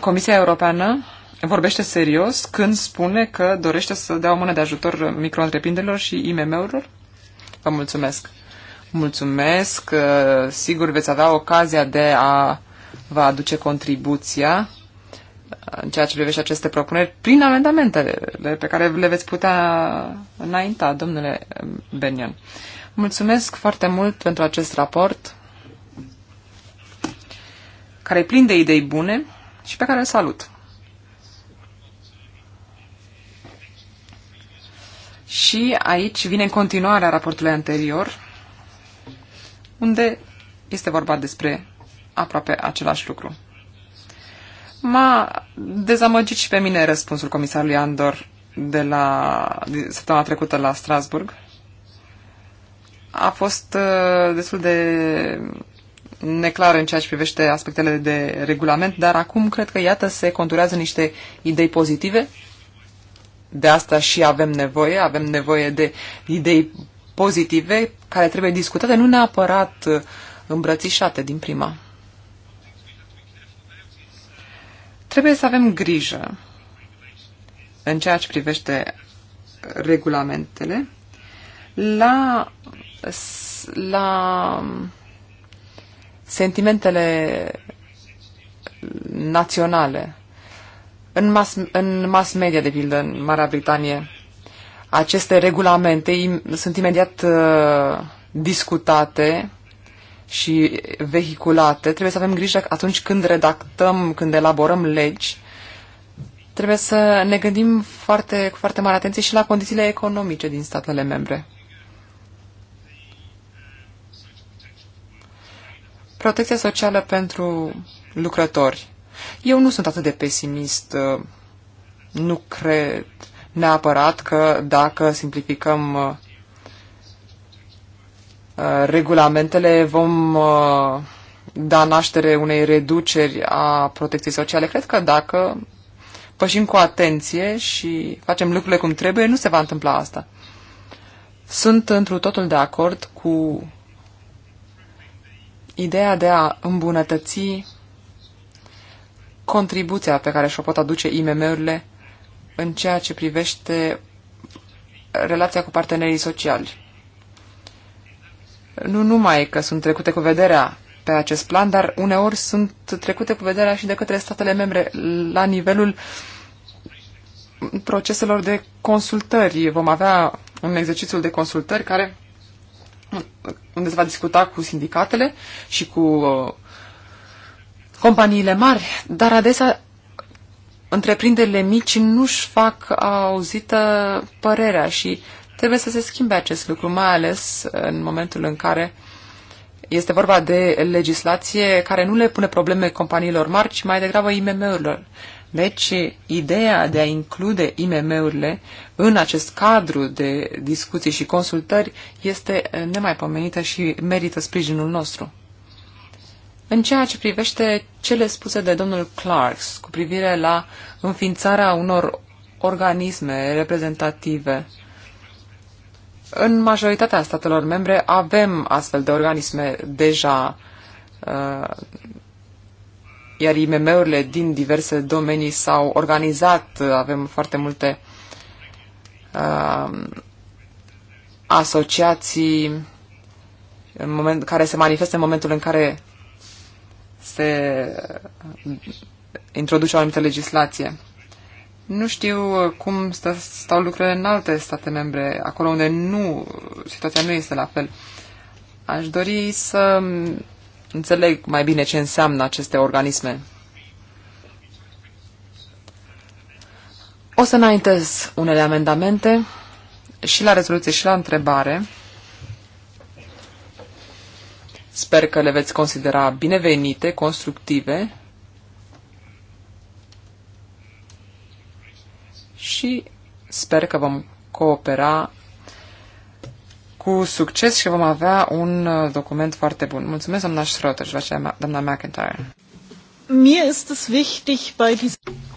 Comisia Europeană vorbește serios când spune că dorește să dea o mână de ajutor micro și IMM-urilor? Vă mulțumesc. Mulțumesc. Uh, sigur veți avea ocazia de a vă aduce contribuția uh, în ceea ce privește aceste propuneri prin amendamentele pe care le veți putea înainta, domnule Benian. Mulțumesc foarte mult pentru acest raport care e plin de idei bune și pe care îl salut. Și aici vine în continuare raportului anterior, unde este vorba despre aproape același lucru. M-a dezamăgit și pe mine răspunsul comisarului Andor de la săptămâna trecută la Strasburg. A fost uh, destul de neclar în ceea ce privește aspectele de regulament, dar acum cred că, iată, se conturează niște idei pozitive de asta și avem nevoie, avem nevoie de idei pozitive care trebuie discutate, nu neapărat uh, îmbrățișate din prima. Trebuie să avem grijă în ceea ce privește regulamentele la, la sentimentele naționale în mass, în mass media, de pildă, în Marea Britanie, aceste regulamente im, sunt imediat uh, discutate și vehiculate. Trebuie să avem grijă atunci când redactăm, când elaborăm legi, trebuie să ne gândim foarte, cu foarte mare atenție și la condițiile economice din statele membre. Protecția socială pentru lucrători. Eu nu sunt atât de pesimist. Nu cred neapărat că dacă simplificăm uh, regulamentele vom uh, da naștere unei reduceri a protecției sociale. Cred că dacă pășim cu atenție și facem lucrurile cum trebuie, nu se va întâmpla asta. Sunt întru totul de acord cu ideea de a îmbunătăți contribuția pe care și-o pot aduce IMM-urile în ceea ce privește relația cu partenerii sociali. Nu numai că sunt trecute cu vederea pe acest plan, dar uneori sunt trecute cu vederea și de către statele membre la nivelul proceselor de consultări. Vom avea un exercițiu de consultări care unde se va discuta cu sindicatele și cu uh, companiile mari, dar adesea întreprinderile mici nu-și fac auzită părerea și trebuie să se schimbe acest lucru, mai ales în momentul în care este vorba de legislație care nu le pune probleme companiilor mari, ci mai degrabă IMM-urilor. Deci, ideea de a include IMM-urile în acest cadru de discuții și consultări este nemaipomenită și merită sprijinul nostru. În ceea ce privește cele spuse de domnul Clarks cu privire la înființarea unor organisme reprezentative, în majoritatea statelor membre avem astfel de organisme deja, uh, iar IMM-urile din diverse domenii s-au organizat, avem foarte multe uh, asociații în moment, care se manifestă în momentul în care se uh, introduce o anumită legislație. Nu știu uh, cum stă, stau lucrurile în alte state membre, acolo unde nu, situația nu este la fel. Aș dori să um, înțeleg mai bine ce înseamnă aceste organisme. O să înaintez unele amendamente și la rezoluție și la întrebare Sper că le veți considera binevenite, constructive și sper că vom coopera cu succes și vom avea un uh, document foarte bun. Mulțumesc, doamna Schroeter și doamna McIntyre.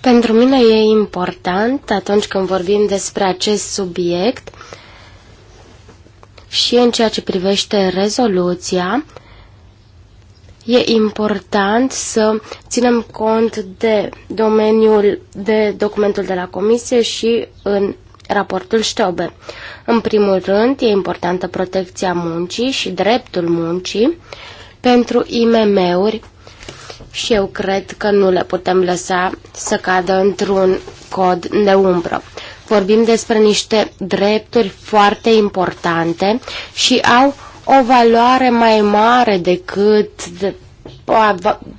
Pentru mine e important atunci când vorbim despre acest subiect și în ceea ce privește rezoluția, E important să ținem cont de domeniul, de documentul de la comisie și în raportul Ștobe. În primul rând, e importantă protecția muncii și dreptul muncii pentru IMM-uri și eu cred că nu le putem lăsa să cadă într-un cod de umbră. Vorbim despre niște drepturi foarte importante și au o valoare mai mare decât de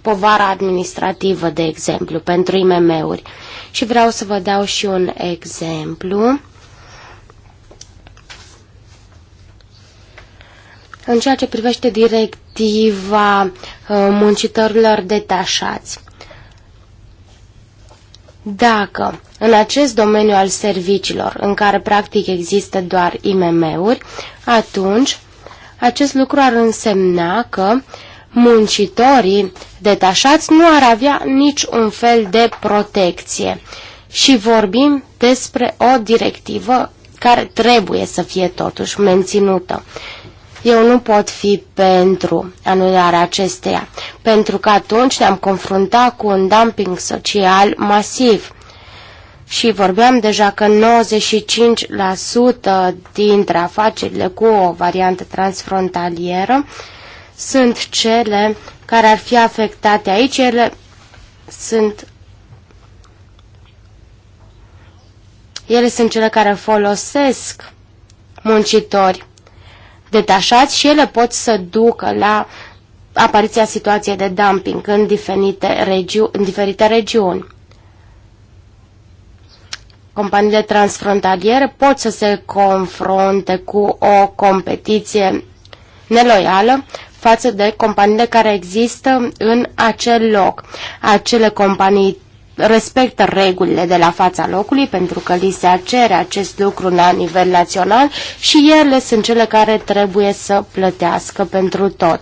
povara administrativă, de exemplu, pentru IMM-uri. Și vreau să vă dau și un exemplu. În ceea ce privește directiva uh, muncitorilor detașați. Dacă în acest domeniu al serviciilor, în care practic există doar IMM-uri, atunci acest lucru ar însemna că muncitorii detașați nu ar avea nici un fel de protecție și vorbim despre o directivă care trebuie să fie totuși menținută. Eu nu pot fi pentru anularea acesteia, pentru că atunci ne-am confruntat cu un dumping social masiv și vorbeam deja că 95% dintre afacerile cu o variantă transfrontalieră sunt cele care ar fi afectate aici. Ele sunt ele sunt cele care folosesc muncitori detașați și ele pot să ducă la apariția situației de dumping în diferite, regiu- în diferite regiuni companiile transfrontaliere pot să se confrunte cu o competiție neloială față de companiile care există în acel loc. Acele companii respectă regulile de la fața locului pentru că li se cere acest lucru la nivel național și ele sunt cele care trebuie să plătească pentru tot.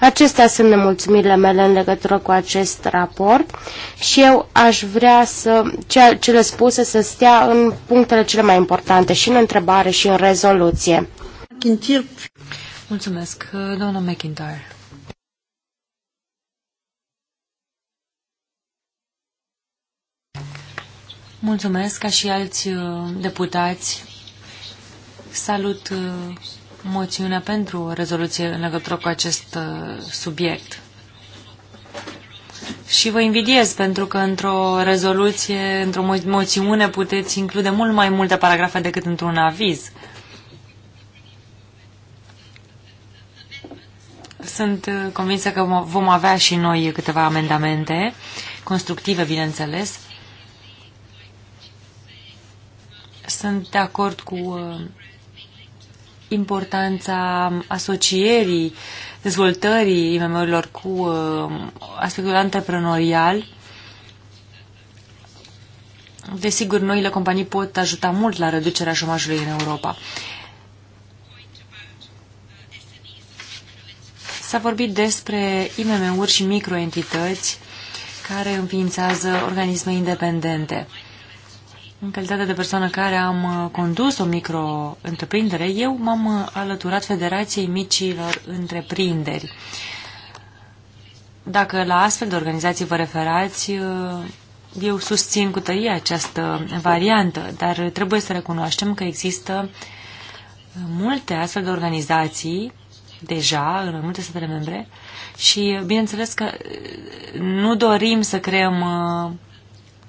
Acestea sunt nemulțumirile mele în legătură cu acest raport și eu aș vrea să ceea ce le spuse să stea în punctele cele mai importante și în întrebare și în rezoluție. Mulțumesc, doamna McIntyre. Mulțumesc, ca și alți uh, deputați. Salut uh, moțiunea pentru o rezoluție în legătură cu acest uh, subiect. Și vă invidiez pentru că într-o rezoluție, într-o mo moțiune puteți include mult mai multe paragrafe decât într-un aviz. Sunt uh, convinsă că vom avea și noi câteva amendamente constructive, bineînțeles. Sunt de acord cu uh, importanța asocierii, dezvoltării IMM-urilor cu uh, aspectul antreprenorial. Desigur, noile companii pot ajuta mult la reducerea șomajului în Europa. S-a vorbit despre IMM-uri și microentități care înființează organisme independente. În calitate de persoană care am uh, condus o micro-întreprindere, eu m-am uh, alăturat Federației Micilor Întreprinderi. Dacă la astfel de organizații vă referați, uh, eu susțin cu tărie această variantă, dar trebuie să recunoaștem că există multe astfel de organizații deja în multe statele membre și bineînțeles că nu dorim să creăm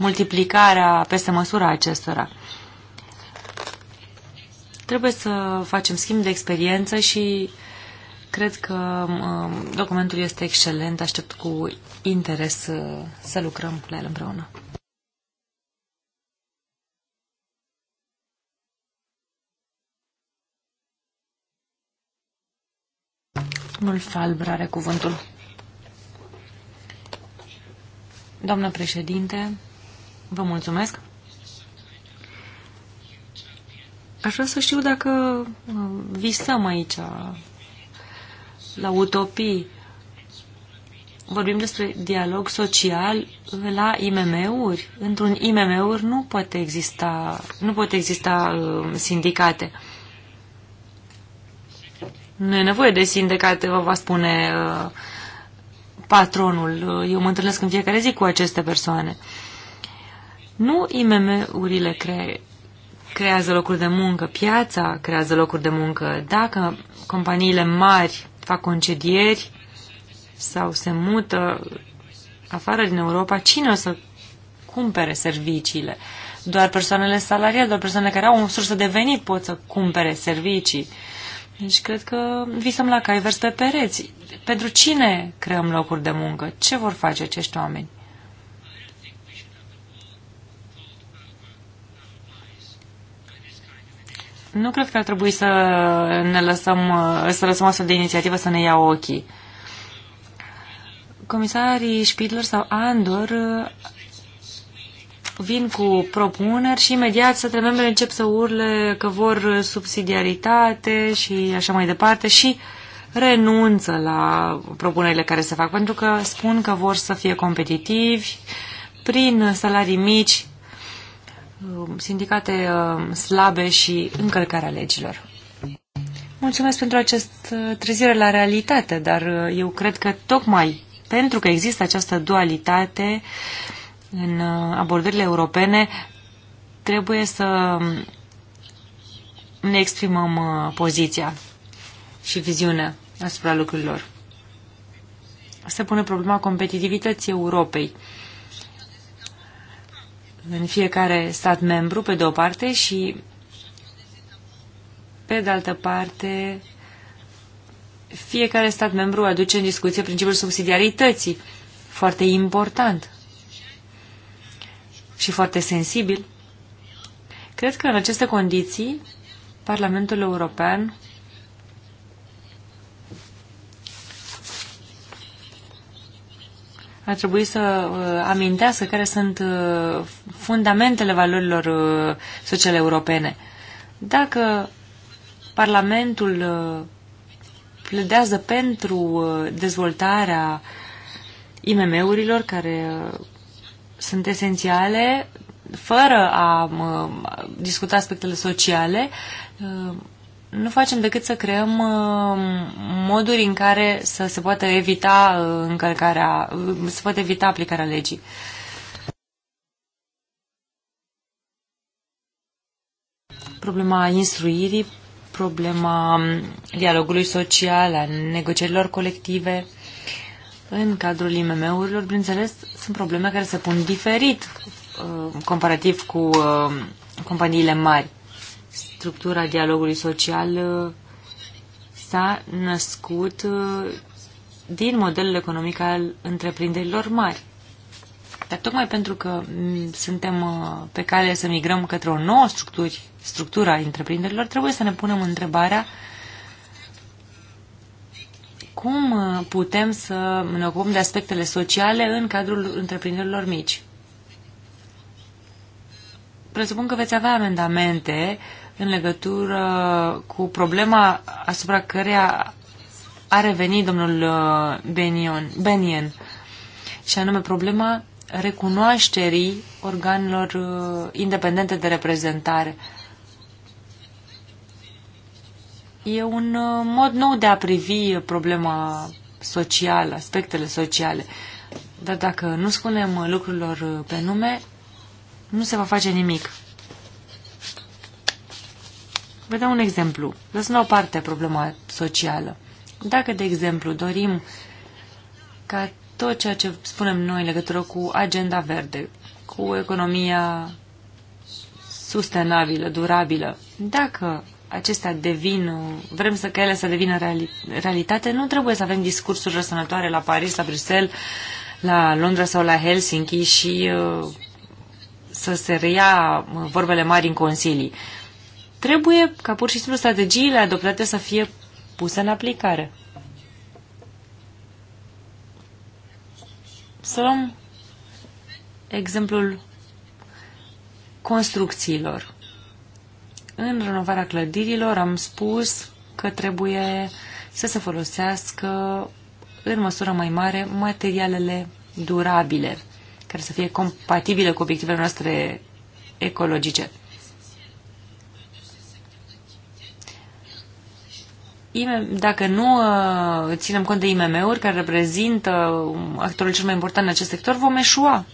multiplicarea peste măsura acestora. Trebuie să facem schimb de experiență și cred că um, documentul este excelent. Aștept cu interes să, uh, să lucrăm la el împreună. Domnul Falbr are cuvântul. Doamnă președinte, Vă mulțumesc. Aș vrea să știu dacă uh, visăm aici uh, la utopii. Vorbim despre dialog social la IMM-uri. Într-un IMM-uri nu poate exista, nu pot exista uh, sindicate. Nu e nevoie de sindicate, vă va spune patronul. Eu mă întâlnesc în fiecare zi cu aceste persoane. Uh, nu IMM-urile cre creează locuri de muncă, piața creează locuri de muncă. Dacă companiile mari fac concedieri sau se mută afară din Europa, cine o să cumpere serviciile? Doar persoanele salariate, doar persoanele care au o sursă de venit pot să cumpere servicii. Deci cred că visăm la cai vers pe pereți. Pentru cine creăm locuri de muncă? Ce vor face acești oameni? Nu cred că ar trebui să ne lăsăm, să lăsăm astfel de inițiativă să ne ia ochii. Comisarii Spidler sau Andor vin cu propuneri și imediat să membre încep să urle că vor subsidiaritate și așa mai departe și renunță la propunerile care se fac pentru că spun că vor să fie competitivi prin salarii mici Um, sindicate um, slabe și încălcarea legilor. Mulțumesc pentru acest uh, trezire la realitate, dar uh, eu cred că tocmai pentru că există această dualitate în uh, abordările europene, trebuie să um, ne exprimăm poziția și viziunea asupra lucrurilor. Se pune problema competitivității Europei în fiecare stat membru, pe de o parte, și pe de altă parte, fiecare stat membru aduce în discuție principiul subsidiarității, foarte important și foarte sensibil. Cred că în aceste condiții, Parlamentul European ar trebui să uh, amintească care sunt uh, fundamentele valorilor uh, sociale europene. Dacă Parlamentul pledează pentru dezvoltarea IMM-urilor care sunt esențiale, fără a discuta aspectele sociale, nu facem decât să creăm uh, moduri în care să se poată evita uh, încălcarea, uh, să poate evita aplicarea legii. Problema instruirii, problema um, dialogului social, a negocierilor colective, în cadrul IMM-urilor, bineînțeles, sunt probleme care se pun diferit comparativ cu companiile mari structura dialogului social uh, s-a născut uh, din modelul economic al întreprinderilor mari. Dar tocmai pentru că mm, suntem uh, pe cale să migrăm către o nouă structură, structura a întreprinderilor, trebuie să ne punem întrebarea cum putem să ne ocupăm de aspectele sociale în cadrul întreprinderilor mici. Presupun că veți avea amendamente uh, în legătură cu problema asupra căreia a revenit domnul uh, Benion, Benien, și anume problema recunoașterii organelor uh, independente de reprezentare. E un uh, mod nou de a privi problema socială, aspectele sociale. Dar dacă nu spunem lucrurilor pe nume, nu se va face nimic. Vă dau un exemplu. Lăsăm o parte problema socială. Dacă, de exemplu, dorim ca tot ceea ce spunem noi în legătură cu agenda verde, cu economia sustenabilă, durabilă, dacă acestea devin, vrem să, că ele să devină reali, realitate, nu trebuie să avem discursuri răsănătoare la Paris, la Bruxelles, la Londra sau la Helsinki și uh, să se reia uh, vorbele mari în consilii. Trebuie ca pur și simplu strategiile adoptate să fie puse în aplicare. Să luăm exemplul construcțiilor. În renovarea clădirilor am spus că trebuie să se folosească în măsură mai mare materialele durabile, care să fie compatibile cu obiectivele noastre ecologice. dacă nu uh, ținem cont de IMM-uri, care reprezintă um, actorul cel mai important în acest sector, vom eșua.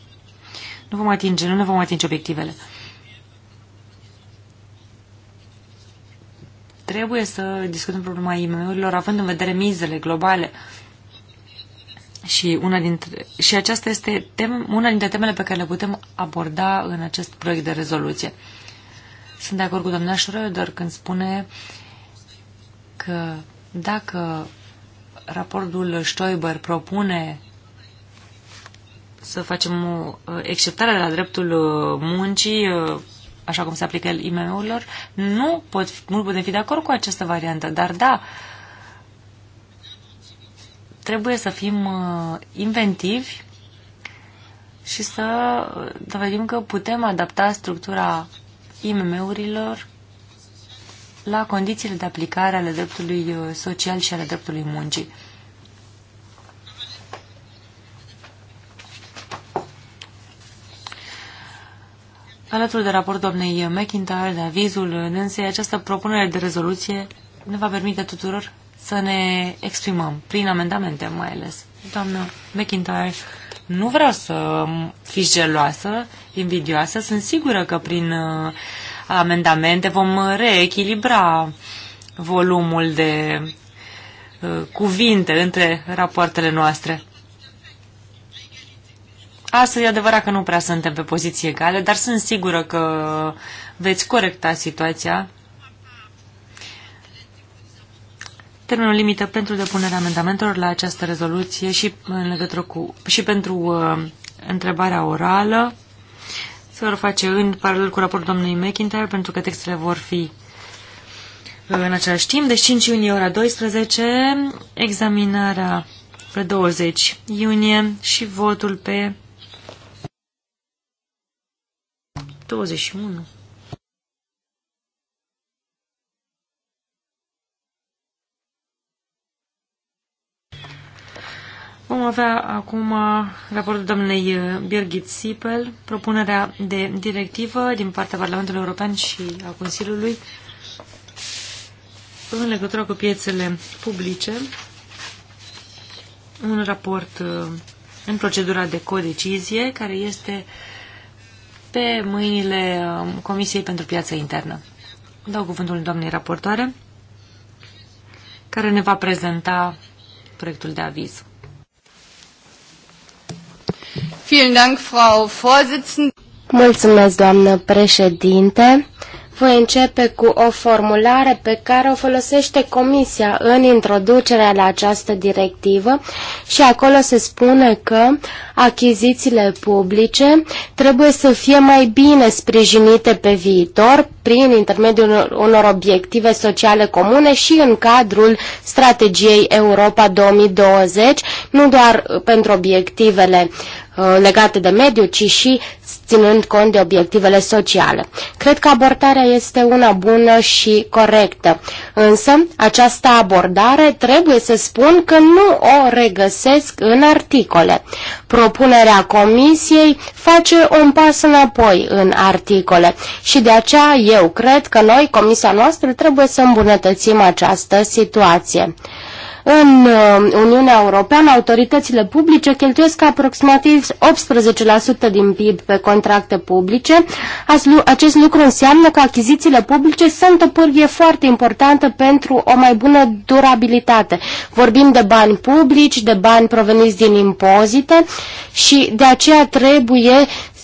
Nu vom atinge, nu ne vom atinge obiectivele. Trebuie să discutăm problema IMM-urilor, având în vedere mizele globale. Și, una dintre, și aceasta este tem, una dintre temele pe care le putem aborda în acest proiect de rezoluție. Sunt de acord cu doamna Schroeder când spune uh, că dacă raportul Stoiber propune să facem o uh, exceptare la dreptul uh, muncii, uh, așa cum se aplică el IMM-urilor, nu, pot, nu putem fi de acord cu această variantă, dar da, trebuie să fim inventivi și să dovedim că putem adapta structura IMM-urilor la condițiile de aplicare ale dreptului uh, social și ale dreptului muncii. Alături de raport doamnei McIntyre, de avizul dânsei, această propunere de rezoluție ne va permite tuturor să ne exprimăm, prin amendamente mai ales. Doamna McIntyre, nu vreau să fiți geloasă, invidioasă, sunt sigură că prin uh, amendamente vom reechilibra volumul de uh, cuvinte între rapoartele noastre. Astăzi e adevărat că nu prea suntem pe poziții egale, dar sunt sigură că veți corecta situația. Termenul limită pentru depunerea amendamentelor la această rezoluție și în legătură cu și pentru uh, întrebarea orală se vor face în paralel cu raportul domnului McIntyre, pentru că textele vor fi uh, în același timp. Deci 5 iunie, ora 12, examinarea pe 20 iunie și votul pe 21. Vom avea acum uh, raportul domnului uh, Birgit Sipel, propunerea de directivă din partea Parlamentului European și a Consiliului în legătură cu piețele publice. Un raport uh, în procedura de codecizie care este pe mâinile um, Comisiei pentru Piața Internă. Dau cuvântul doamnei raportoare care ne va prezenta proiectul de aviz. Vielen Dank, Frau Vorsitzende. Mulțumesc, doamnă președinte. Voi începe cu o formulare pe care o folosește Comisia în introducerea la această directivă și acolo se spune că achizițiile publice trebuie să fie mai bine sprijinite pe viitor prin intermediul unor obiective sociale comune și în cadrul strategiei Europa 2020, nu doar pentru obiectivele Uh, legate de mediu, ci și ținând cont de obiectivele sociale. Cred că abordarea este una bună și corectă, însă această abordare trebuie să spun că nu o regăsesc în articole. Propunerea comisiei face un pas înapoi în articole și de aceea eu cred că noi, comisia noastră, trebuie să îmbunătățim această situație. În uh, Uniunea Europeană, autoritățile publice cheltuiesc aproximativ 18% din PIB pe contracte publice. Acest lucru înseamnă că achizițiile publice sunt o pârghie foarte importantă pentru o mai bună durabilitate. Vorbim de bani publici, de bani proveniți din impozite și de aceea trebuie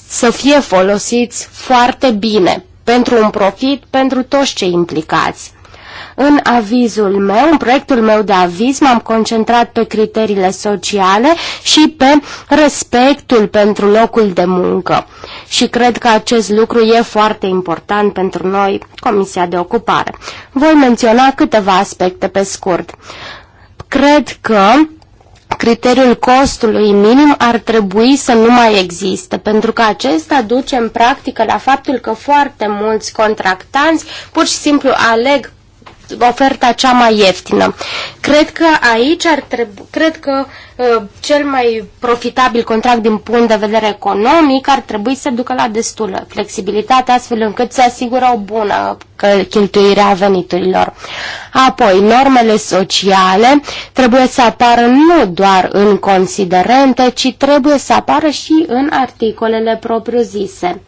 să fie folosiți foarte bine pentru un profit pentru toți cei implicați. În avizul meu, în proiectul meu de aviz, m-am concentrat pe criteriile sociale și pe respectul pentru locul de muncă. Și cred că acest lucru e foarte important pentru noi, Comisia de Ocupare. Voi menționa câteva aspecte pe scurt. Cred că criteriul costului minim ar trebui să nu mai existe, pentru că acesta duce în practică la faptul că foarte mulți contractanți pur și simplu aleg oferta cea mai ieftină. Cred că aici ar trebui, cred că uh, cel mai profitabil contract din punct de vedere economic ar trebui să ducă la destulă flexibilitate astfel încât să asigură o bună cheltuire a veniturilor. Apoi, normele sociale trebuie să apară nu doar în considerente, ci trebuie să apară și în articolele propriu-zise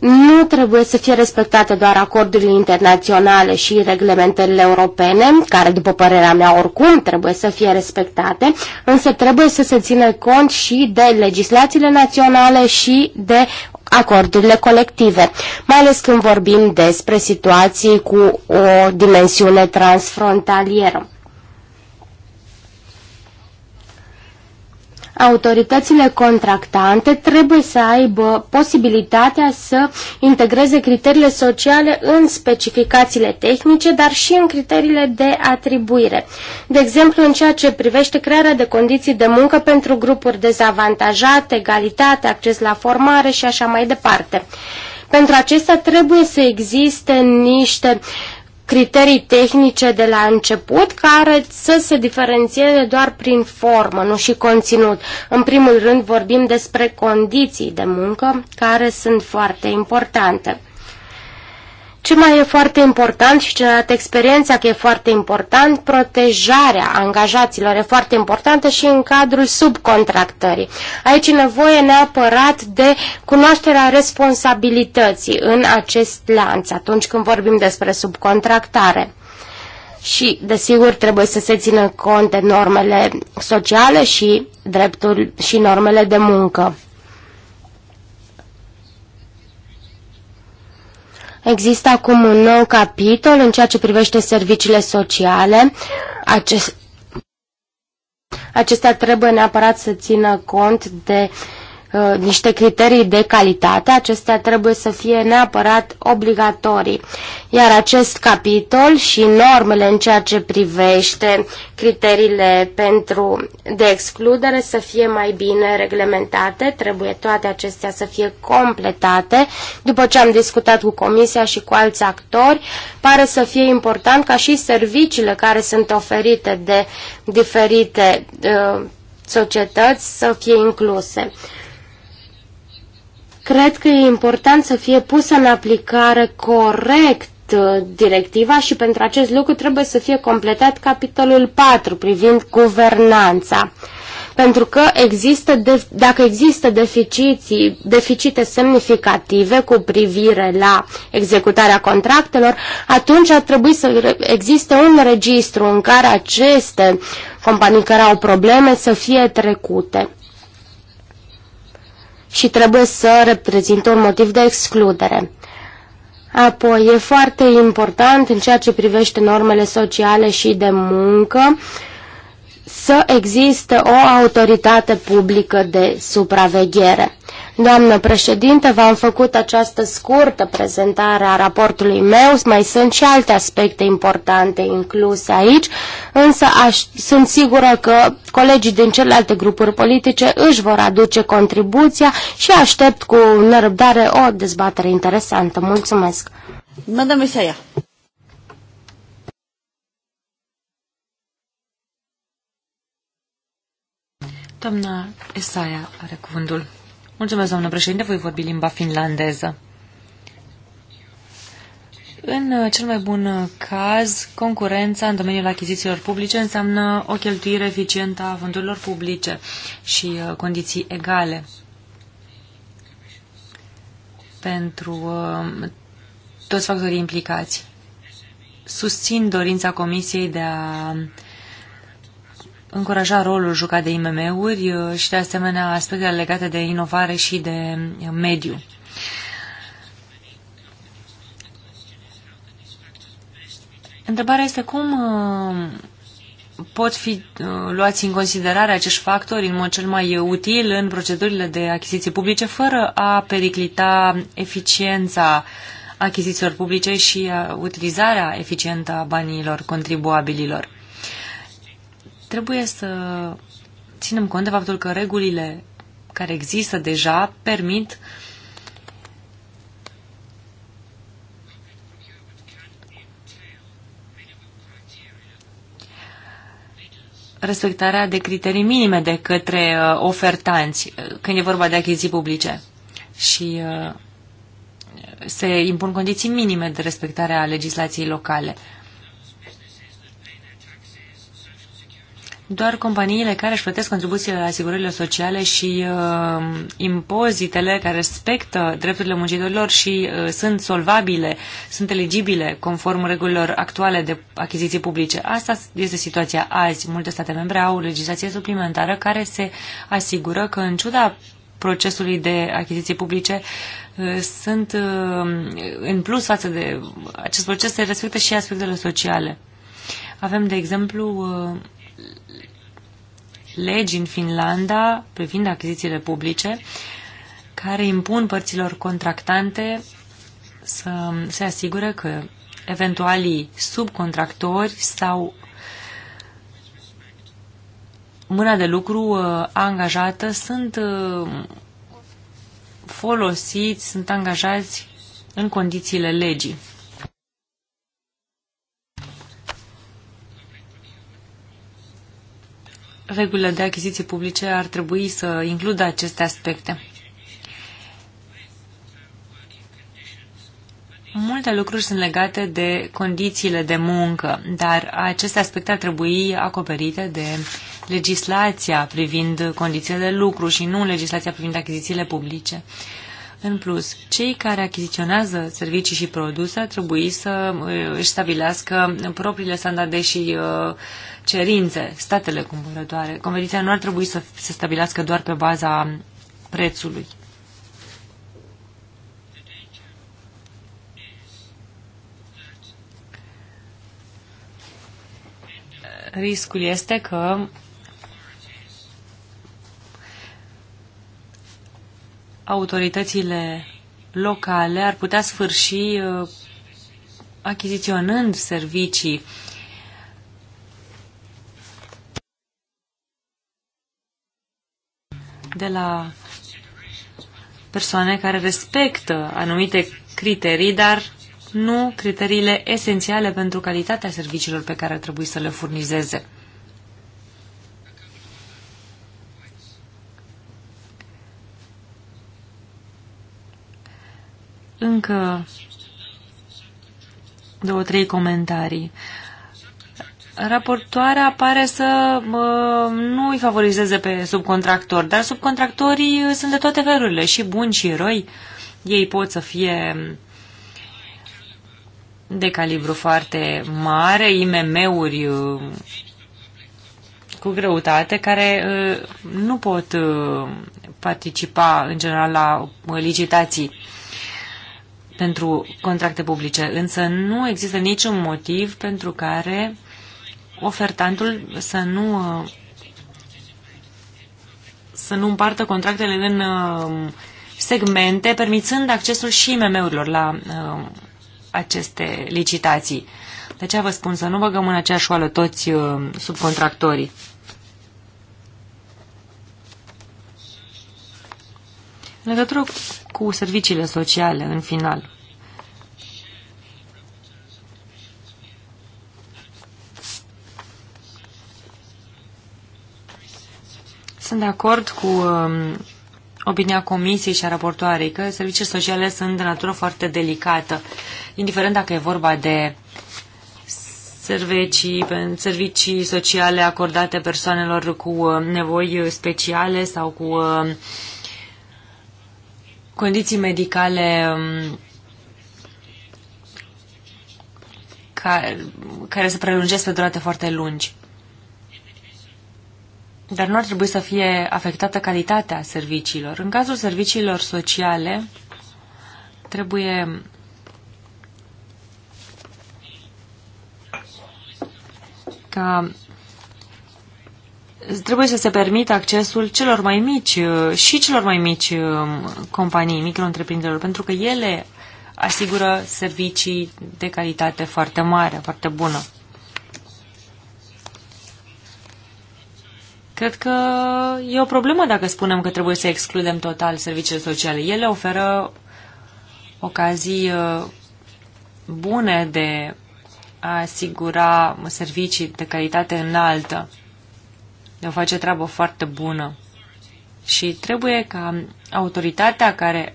nu trebuie să fie respectate doar acordurile internaționale și reglementările europene, care, după părerea mea, oricum trebuie să fie respectate, însă trebuie să se țină cont și de legislațiile naționale și de acordurile colective, mai ales când vorbim despre situații cu o dimensiune transfrontalieră. autoritățile contractante trebuie să aibă posibilitatea să integreze criteriile sociale în specificațiile tehnice, dar și în criteriile de atribuire. De exemplu, în ceea ce privește crearea de condiții de muncă pentru grupuri dezavantajate, egalitate, acces la formare și așa mai departe. Pentru acestea trebuie să existe niște criterii tehnice de la început care să se diferențieze doar prin formă, nu și conținut. În primul rând vorbim despre condiții de muncă care sunt foarte importante. Ce mai e foarte important și ce dat experiența că e foarte important, protejarea angajaților e foarte importantă și în cadrul subcontractării. Aici e nevoie neapărat de cunoașterea responsabilității în acest lanț atunci când vorbim despre subcontractare. Și, desigur, trebuie să se țină cont de normele sociale și dreptul și normele de muncă. Există acum un nou capitol în ceea ce privește serviciile sociale. Acest, acestea trebuie neapărat să țină cont de uh, Uh, niște criterii de calitate, acestea trebuie să fie neapărat obligatorii. Iar acest capitol și normele în ceea ce privește criteriile pentru de excludere să fie mai bine reglementate, trebuie toate acestea să fie completate. După ce am discutat cu Comisia și cu alți actori, pare să fie important ca și serviciile care sunt oferite de diferite uh, societăți să fie incluse. Cred că e important să fie pusă în aplicare corect uh, directiva și pentru acest lucru trebuie să fie completat capitolul 4 privind guvernanța. Pentru că există de, dacă există deficite semnificative cu privire la executarea contractelor, atunci ar trebui să existe un registru în care aceste companii care au probleme să fie trecute și trebuie să reprezinte un motiv de excludere. Apoi, e foarte important în ceea ce privește normele sociale și de muncă să existe o autoritate publică de supraveghere. Doamnă președinte, v-am făcut această scurtă prezentare a raportului meu, mai sunt și alte aspecte importante incluse aici, însă aș, sunt sigură că colegii din celelalte grupuri politice își vor aduce contribuția și aștept cu nerăbdare o dezbatere interesantă. Mulțumesc! Mă Doamna Esaia are cuvântul. Mulțumesc, doamnă președinte, voi vorbi limba finlandeză. În uh, cel mai bun uh, caz, concurența în domeniul achizițiilor publice înseamnă o cheltuire eficientă a fondurilor publice și uh, condiții egale. Pentru toți factorii implicați. Susțin dorința Comisiei de a încuraja rolul jucat de IMM-uri uh, și, de asemenea, aspectele legate de inovare și de uh, mediu. Întrebarea este cum uh, pot fi luați în considerare acești factori în mod cel mai util în procedurile de achiziții publice fără a periclita eficiența achizițiilor publice și utilizarea eficientă a banilor contribuabililor. Trebuie să ținem cont de faptul că regulile care există deja permit respectarea de criterii minime de către uh, ofertanți uh, când e vorba de achiziții publice și uh, se impun condiții minime de respectare a legislației locale. doar companiile care își plătesc contribuțiile la asigurările sociale și uh, impozitele care respectă drepturile muncitorilor și uh, sunt solvabile, sunt eligibile conform regulilor actuale de achiziții publice. Asta este situația azi. Multe state membre au legislație suplimentară care se asigură că în ciuda procesului de achiziții publice uh, sunt uh, în plus față de acest proces se respectă și aspectele sociale. Avem, de exemplu, uh, legi în Finlanda privind achizițiile publice care impun părților contractante să se asigure că eventualii subcontractori sau mâna de lucru uh, angajată sunt uh, folosiți, sunt angajați în condițiile legii. regulile de achiziții publice ar trebui să includă aceste aspecte. Multe lucruri sunt legate de condițiile de muncă, dar aceste aspecte ar trebui acoperite de legislația privind condițiile de lucru și nu legislația privind achizițiile publice. În plus, cei care achiziționează servicii și produse ar trebui să uh, își stabilească propriile standarde și uh, cerințe, statele cumpărătoare. Competiția nu ar trebui să se stabilească doar pe baza prețului. Riscul este că autoritățile locale ar putea sfârși uh, achiziționând servicii de la persoane care respectă anumite criterii, dar nu criteriile esențiale pentru calitatea serviciilor pe care trebuie să le furnizeze. Încă două, trei comentarii. Raportoarea apare să nu îi favorizeze pe subcontractori, dar subcontractorii sunt de toate felurile, și buni și răi. Ei pot să fie de calibru foarte mare, IMM-uri uh, cu greutate, care uh, nu pot uh, participa în general la licitații pentru contracte publice, însă nu există niciun motiv pentru care uh, ofertantul să nu să nu împartă contractele în uh, segmente, permițând accesul și IMM-urilor la uh, aceste licitații. De aceea vă spun să nu băgăm în aceeași oală toți uh, subcontractorii. În legătură cu serviciile sociale, în final, Sunt de acord cu um, opinia Comisiei și a raportoarei că serviciile sociale sunt de natură foarte delicată, indiferent dacă e vorba de servicii, servicii sociale acordate persoanelor cu um, nevoi speciale sau cu um, condiții medicale um, care, care se prelungesc pe durate foarte lungi dar nu ar trebui să fie afectată calitatea serviciilor. În cazul serviciilor sociale, trebuie ca trebuie să se permită accesul celor mai mici uh, și celor mai mici um, companii, micro pentru că ele asigură servicii de calitate foarte mare, foarte bună. Cred că e o problemă dacă spunem că trebuie să excludem total serviciile sociale. Ele oferă ocazii uh, bune de a asigura servicii de calitate înaltă. De o face treabă foarte bună. Și trebuie ca autoritatea care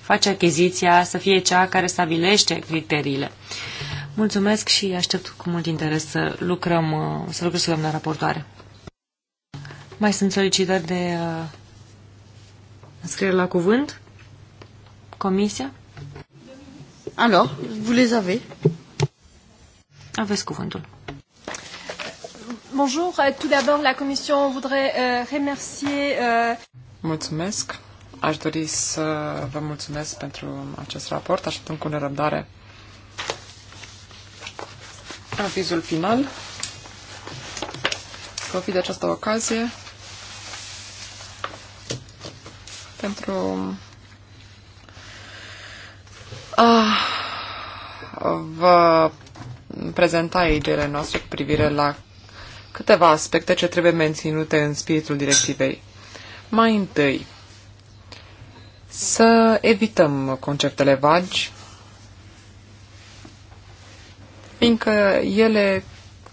face achiziția să fie cea care stabilește criteriile. Mulțumesc și aștept cu mult interes să lucrăm, uh, să lucrăm la raportoare. Mai sunt solicitări de uh, înscriere la cuvânt? Comisia? Alo, vous les avez. Aveți cuvântul. Bonjour, euh, tout d'abord la Commission voudrait uh, remercier... Uh... Mulțumesc. Aș dori să vă mulțumesc pentru acest raport. Așteptăm cu nerăbdare avizul final. Profit de această ocazie pentru a ah, vă prezenta ideile noastre cu privire la câteva aspecte ce trebuie menținute în spiritul directivei. Mai întâi, să evităm conceptele vagi, fiindcă ele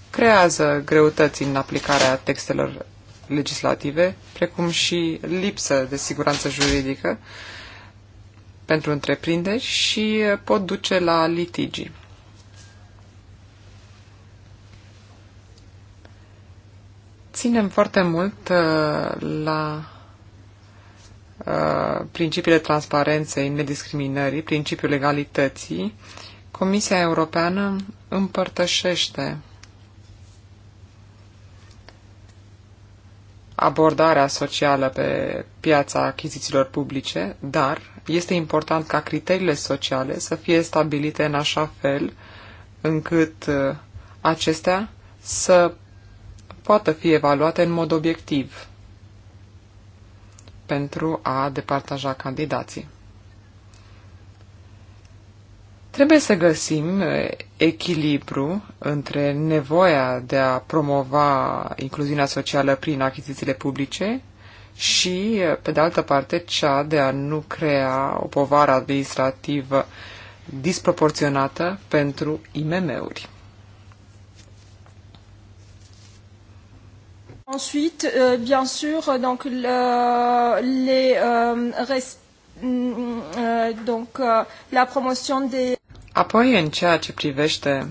creează greutăți în aplicarea textelor legislative, precum și lipsă de siguranță juridică pentru întreprinderi și pot duce la litigi. Ținem foarte mult uh, la uh, principiile transparenței, nediscriminării, principiul legalității. Comisia Europeană împărtășește abordarea socială pe piața achizițiilor publice, dar este important ca criteriile sociale să fie stabilite în așa fel încât uh, acestea să poată fi evaluate în mod obiectiv pentru a departaja candidații. Trebuie să găsim uh, echilibru între nevoia de a promova incluziunea socială prin achizițiile publice și, uh, pe de altă parte, cea de a nu crea o povară administrativă disproporționată pentru IMM-uri. Ensuite, euh, bien sûr, donc le, les euh, res, mm, euh, donc euh, la promotion des Apoi, în ceea ce privește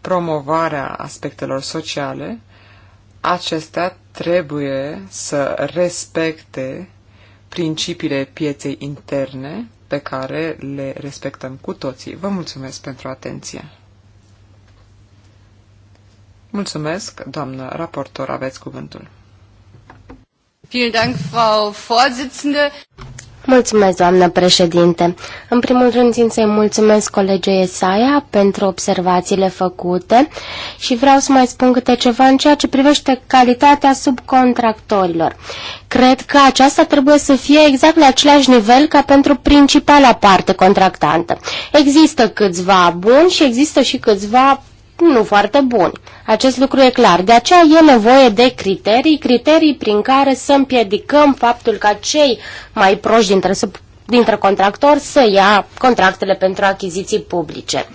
promovarea aspectelor sociale, acestea trebuie să respecte principiile pieței interne pe care le respectăm cu toții. Vă mulțumesc pentru atenție. Mulțumesc, doamnă raportor, aveți cuvântul. Vielen Dank, Frau Vorsitzende. Mulțumesc, doamnă președinte. În primul rând, țin să-i mulțumesc colegei Esaia pentru observațiile făcute și vreau să mai spun câte ceva în ceea ce privește calitatea subcontractorilor. Cred că aceasta trebuie să fie exact la același nivel ca pentru principala parte contractantă. Există câțiva buni și există și câțiva nu foarte buni. Acest lucru e clar. De aceea e nevoie de criterii, criterii prin care să împiedicăm faptul ca cei mai proști dintre, dintre contractori să ia contractele pentru achiziții publice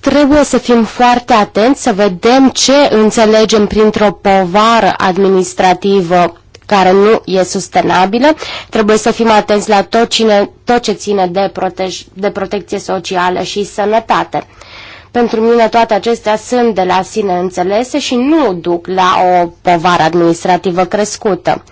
trebuie să fim foarte atenți să vedem ce înțelegem printr-o povară administrativă care nu e sustenabilă. Trebuie să fim atenți la tot, cine, tot ce ține de, protej, de protecție socială și sănătate. Pentru mine toate acestea sunt de la sine înțelese și nu duc la o povară administrativă crescută.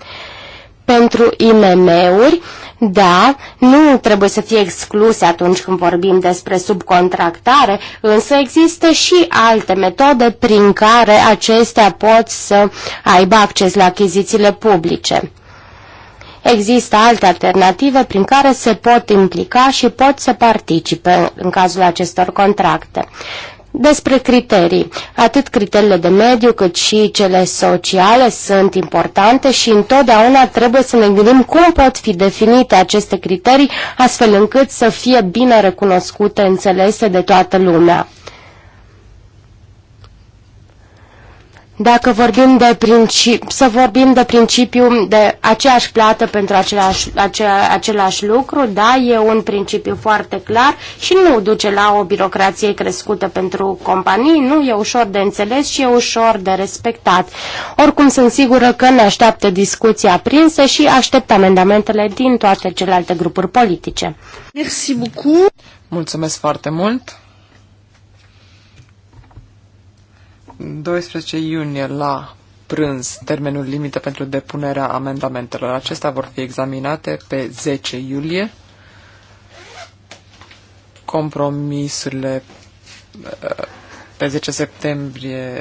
Pentru IMM-uri, da, nu trebuie să fie excluse atunci când vorbim despre subcontractare, însă există și alte metode prin care acestea pot să aibă acces la achizițiile publice. Există alte alternative prin care se pot implica și pot să participe în cazul acestor contracte. Despre criterii, atât criteriile de mediu cât și cele sociale sunt importante și întotdeauna trebuie să ne gândim cum pot fi definite aceste criterii astfel încât să fie bine recunoscute, înțelese de toată lumea. Dacă vorbim de principi, să vorbim de principiu de aceeași plată pentru același, acea, același lucru, da, e un principiu foarte clar și nu duce la o birocrație crescută pentru companii, nu e ușor de înțeles și e ușor de respectat. Oricum sunt sigură că ne așteaptă discuția aprinsă și aștept amendamentele din toate celelalte grupuri politice. Mulțumesc foarte mult. 12 iunie la prânz termenul limită pentru depunerea amendamentelor. Acestea vor fi examinate pe 10 iulie. Compromisurile uh, pe 10 septembrie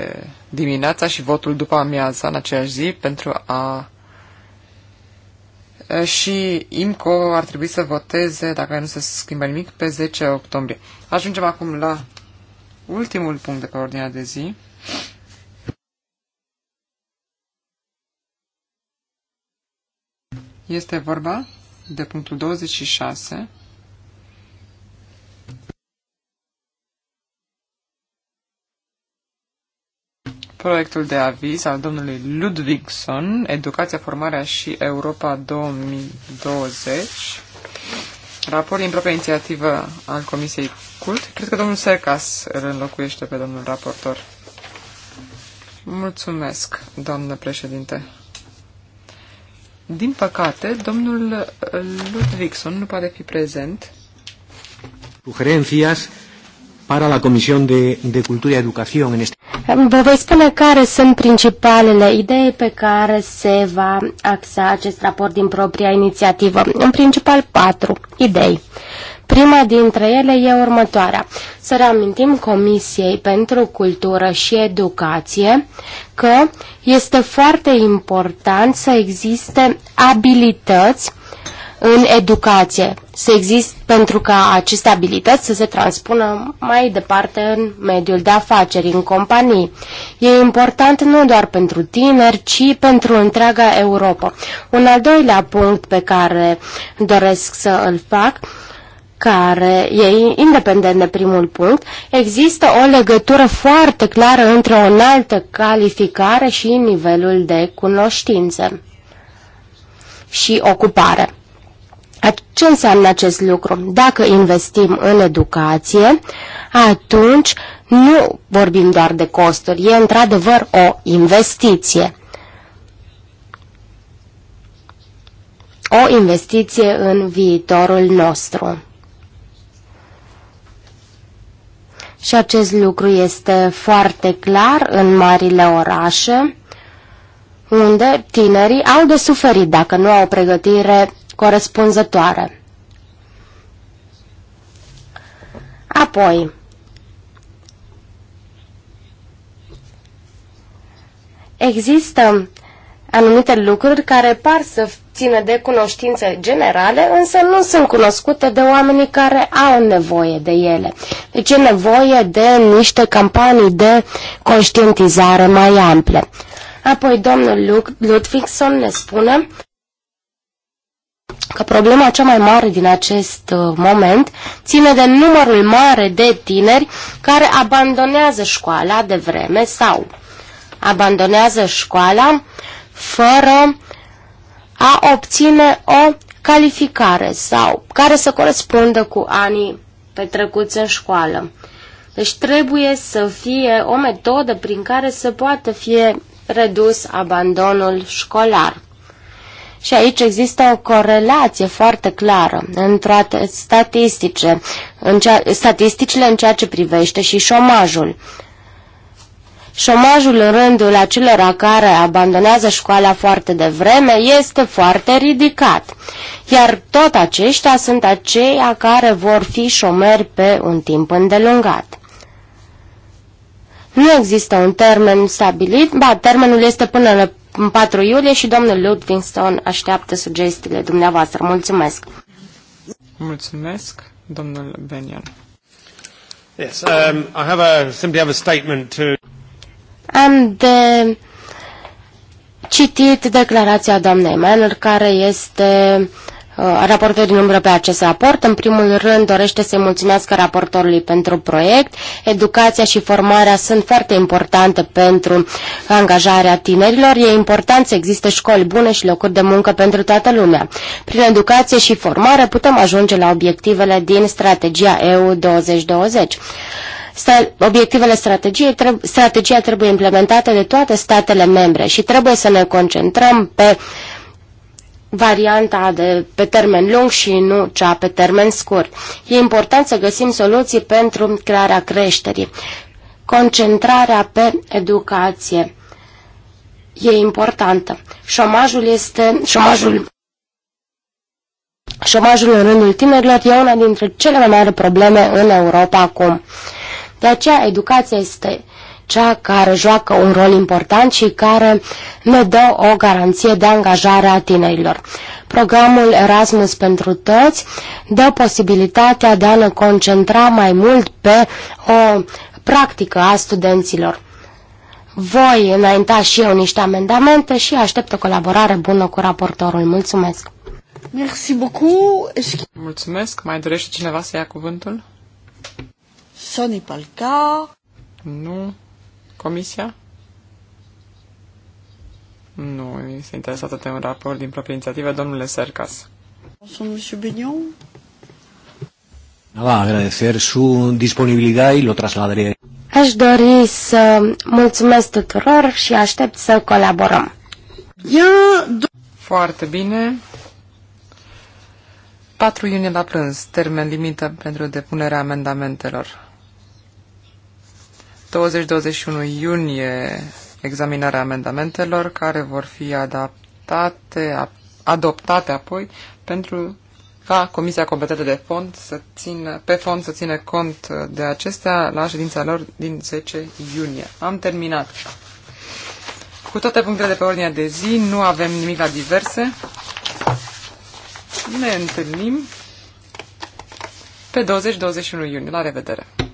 dimineața și votul după amiaza în aceeași zi pentru a uh, și IMCO ar trebui să voteze, dacă nu se schimbă nimic, pe 10 octombrie. Ajungem acum la ultimul punct de pe ordinea de zi. Este vorba de punctul 26. Proiectul de aviz al domnului Ludvigson, Educația, Formarea și Europa 2020, raport din propria inițiativă al Comisiei Cult. Cred că domnul Sercas îl înlocuiește pe domnul raportor. Mulțumesc, doamnă președinte. Din păcate, domnul Ludvigson nu poate fi prezent. Sugerencias para la Comisión de, de Cultura y Educación en este. Vă voi spune care sunt principalele idei pe care se va axa acest raport din propria inițiativă. În principal patru idei. Prima dintre ele e următoarea. Să reamintim Comisiei pentru Cultură și Educație că este foarte important să existe abilități în educație, să exist pentru ca aceste abilități să se transpună mai departe în mediul de afaceri, în companii. E important nu doar pentru tineri, ci pentru întreaga Europa. Un al doilea punct pe care doresc să îl fac care e independent de primul punct, există o legătură foarte clară între o înaltă calificare și nivelul de cunoștință și ocupare. Ce înseamnă acest lucru? Dacă investim în educație, atunci nu vorbim doar de costuri, e într-adevăr o investiție. O investiție în viitorul nostru. Și acest lucru este foarte clar în marile orașe, unde tinerii au de suferit dacă nu au o pregătire corespunzătoare. Apoi, există anumite lucruri care par să țină de cunoștințe generale, însă nu sunt cunoscute de oamenii care au nevoie de ele. Deci e nevoie de niște campanii de conștientizare mai ample. Apoi domnul Ludvigson ne spune că problema cea mai mare din acest uh, moment ține de numărul mare de tineri care abandonează școala de vreme sau abandonează școala uh, fără a obține o calificare sau care să corespundă cu anii petrecuți în școală. Deci trebuie să fie o metodă prin care să poată fi redus abandonul școlar. Și aici există o corelație foarte clară între statistice, în cea, statisticile în ceea ce privește și șomajul. Șomajul în rândul acelora care abandonează școala foarte devreme este foarte ridicat, iar tot aceștia sunt aceia care vor fi șomeri pe un timp îndelungat. Nu există un termen stabilit, ba, termenul este până în 4 iulie și domnul Ludvinson așteaptă sugestiile dumneavoastră. Mulțumesc! Mulțumesc, domnul Benian. Yes, um, I have a, simply have a statement to... Am de citit declarația doamnei Manner, care este uh, raportor din umbră pe acest raport. În primul rând dorește să-i mulțumească raportorului pentru proiect. Educația și formarea sunt foarte importante pentru angajarea tinerilor. E important să existe școli bune și locuri de muncă pentru toată lumea. Prin educație și formare putem ajunge la obiectivele din strategia EU 2020 obiectivele strategiei, treb strategia trebuie implementată de toate statele membre și trebuie să ne concentrăm pe varianta de pe termen lung și nu cea pe termen scurt. E important să găsim soluții pentru crearea creșterii. Concentrarea pe educație e importantă. Șomajul este... Șomajul... Șomajul în rândul tinerilor e una dintre cele mai mari probleme în Europa acum. De aceea educația este cea care joacă un rol important și care ne dă o garanție de angajare a tinerilor. Programul Erasmus pentru toți dă posibilitatea de a ne concentra mai mult pe o practică a studenților. Voi înainta și eu niște amendamente și aștept o colaborare bună cu raportorul. Mulțumesc! Mulțumesc. Mai dorește cineva să ia cuvântul? Ce n'est pas le cas. Nu. Comisia? Nu, este interesată de un raport din proprie inițiativă, domnule Sercas. Sunt monsieur Bignon. Nada, agradecer su disponibilidad y lo trasladaré. Aș dori să mulțumesc tuturor și aștept să colaborăm. Foarte bine. 4 iunie la prânz, termen limită pentru depunerea amendamentelor. 20-21 iunie examinarea amendamentelor care vor fi adaptate, adoptate apoi pentru ca Comisia Competentă de Fond să țină, pe fond să țină cont de acestea la ședința lor din 10 iunie. Am terminat. Cu toate punctele de pe ordinea de zi, nu avem nimic la diverse. Ne întâlnim pe 20-21 iunie. La revedere!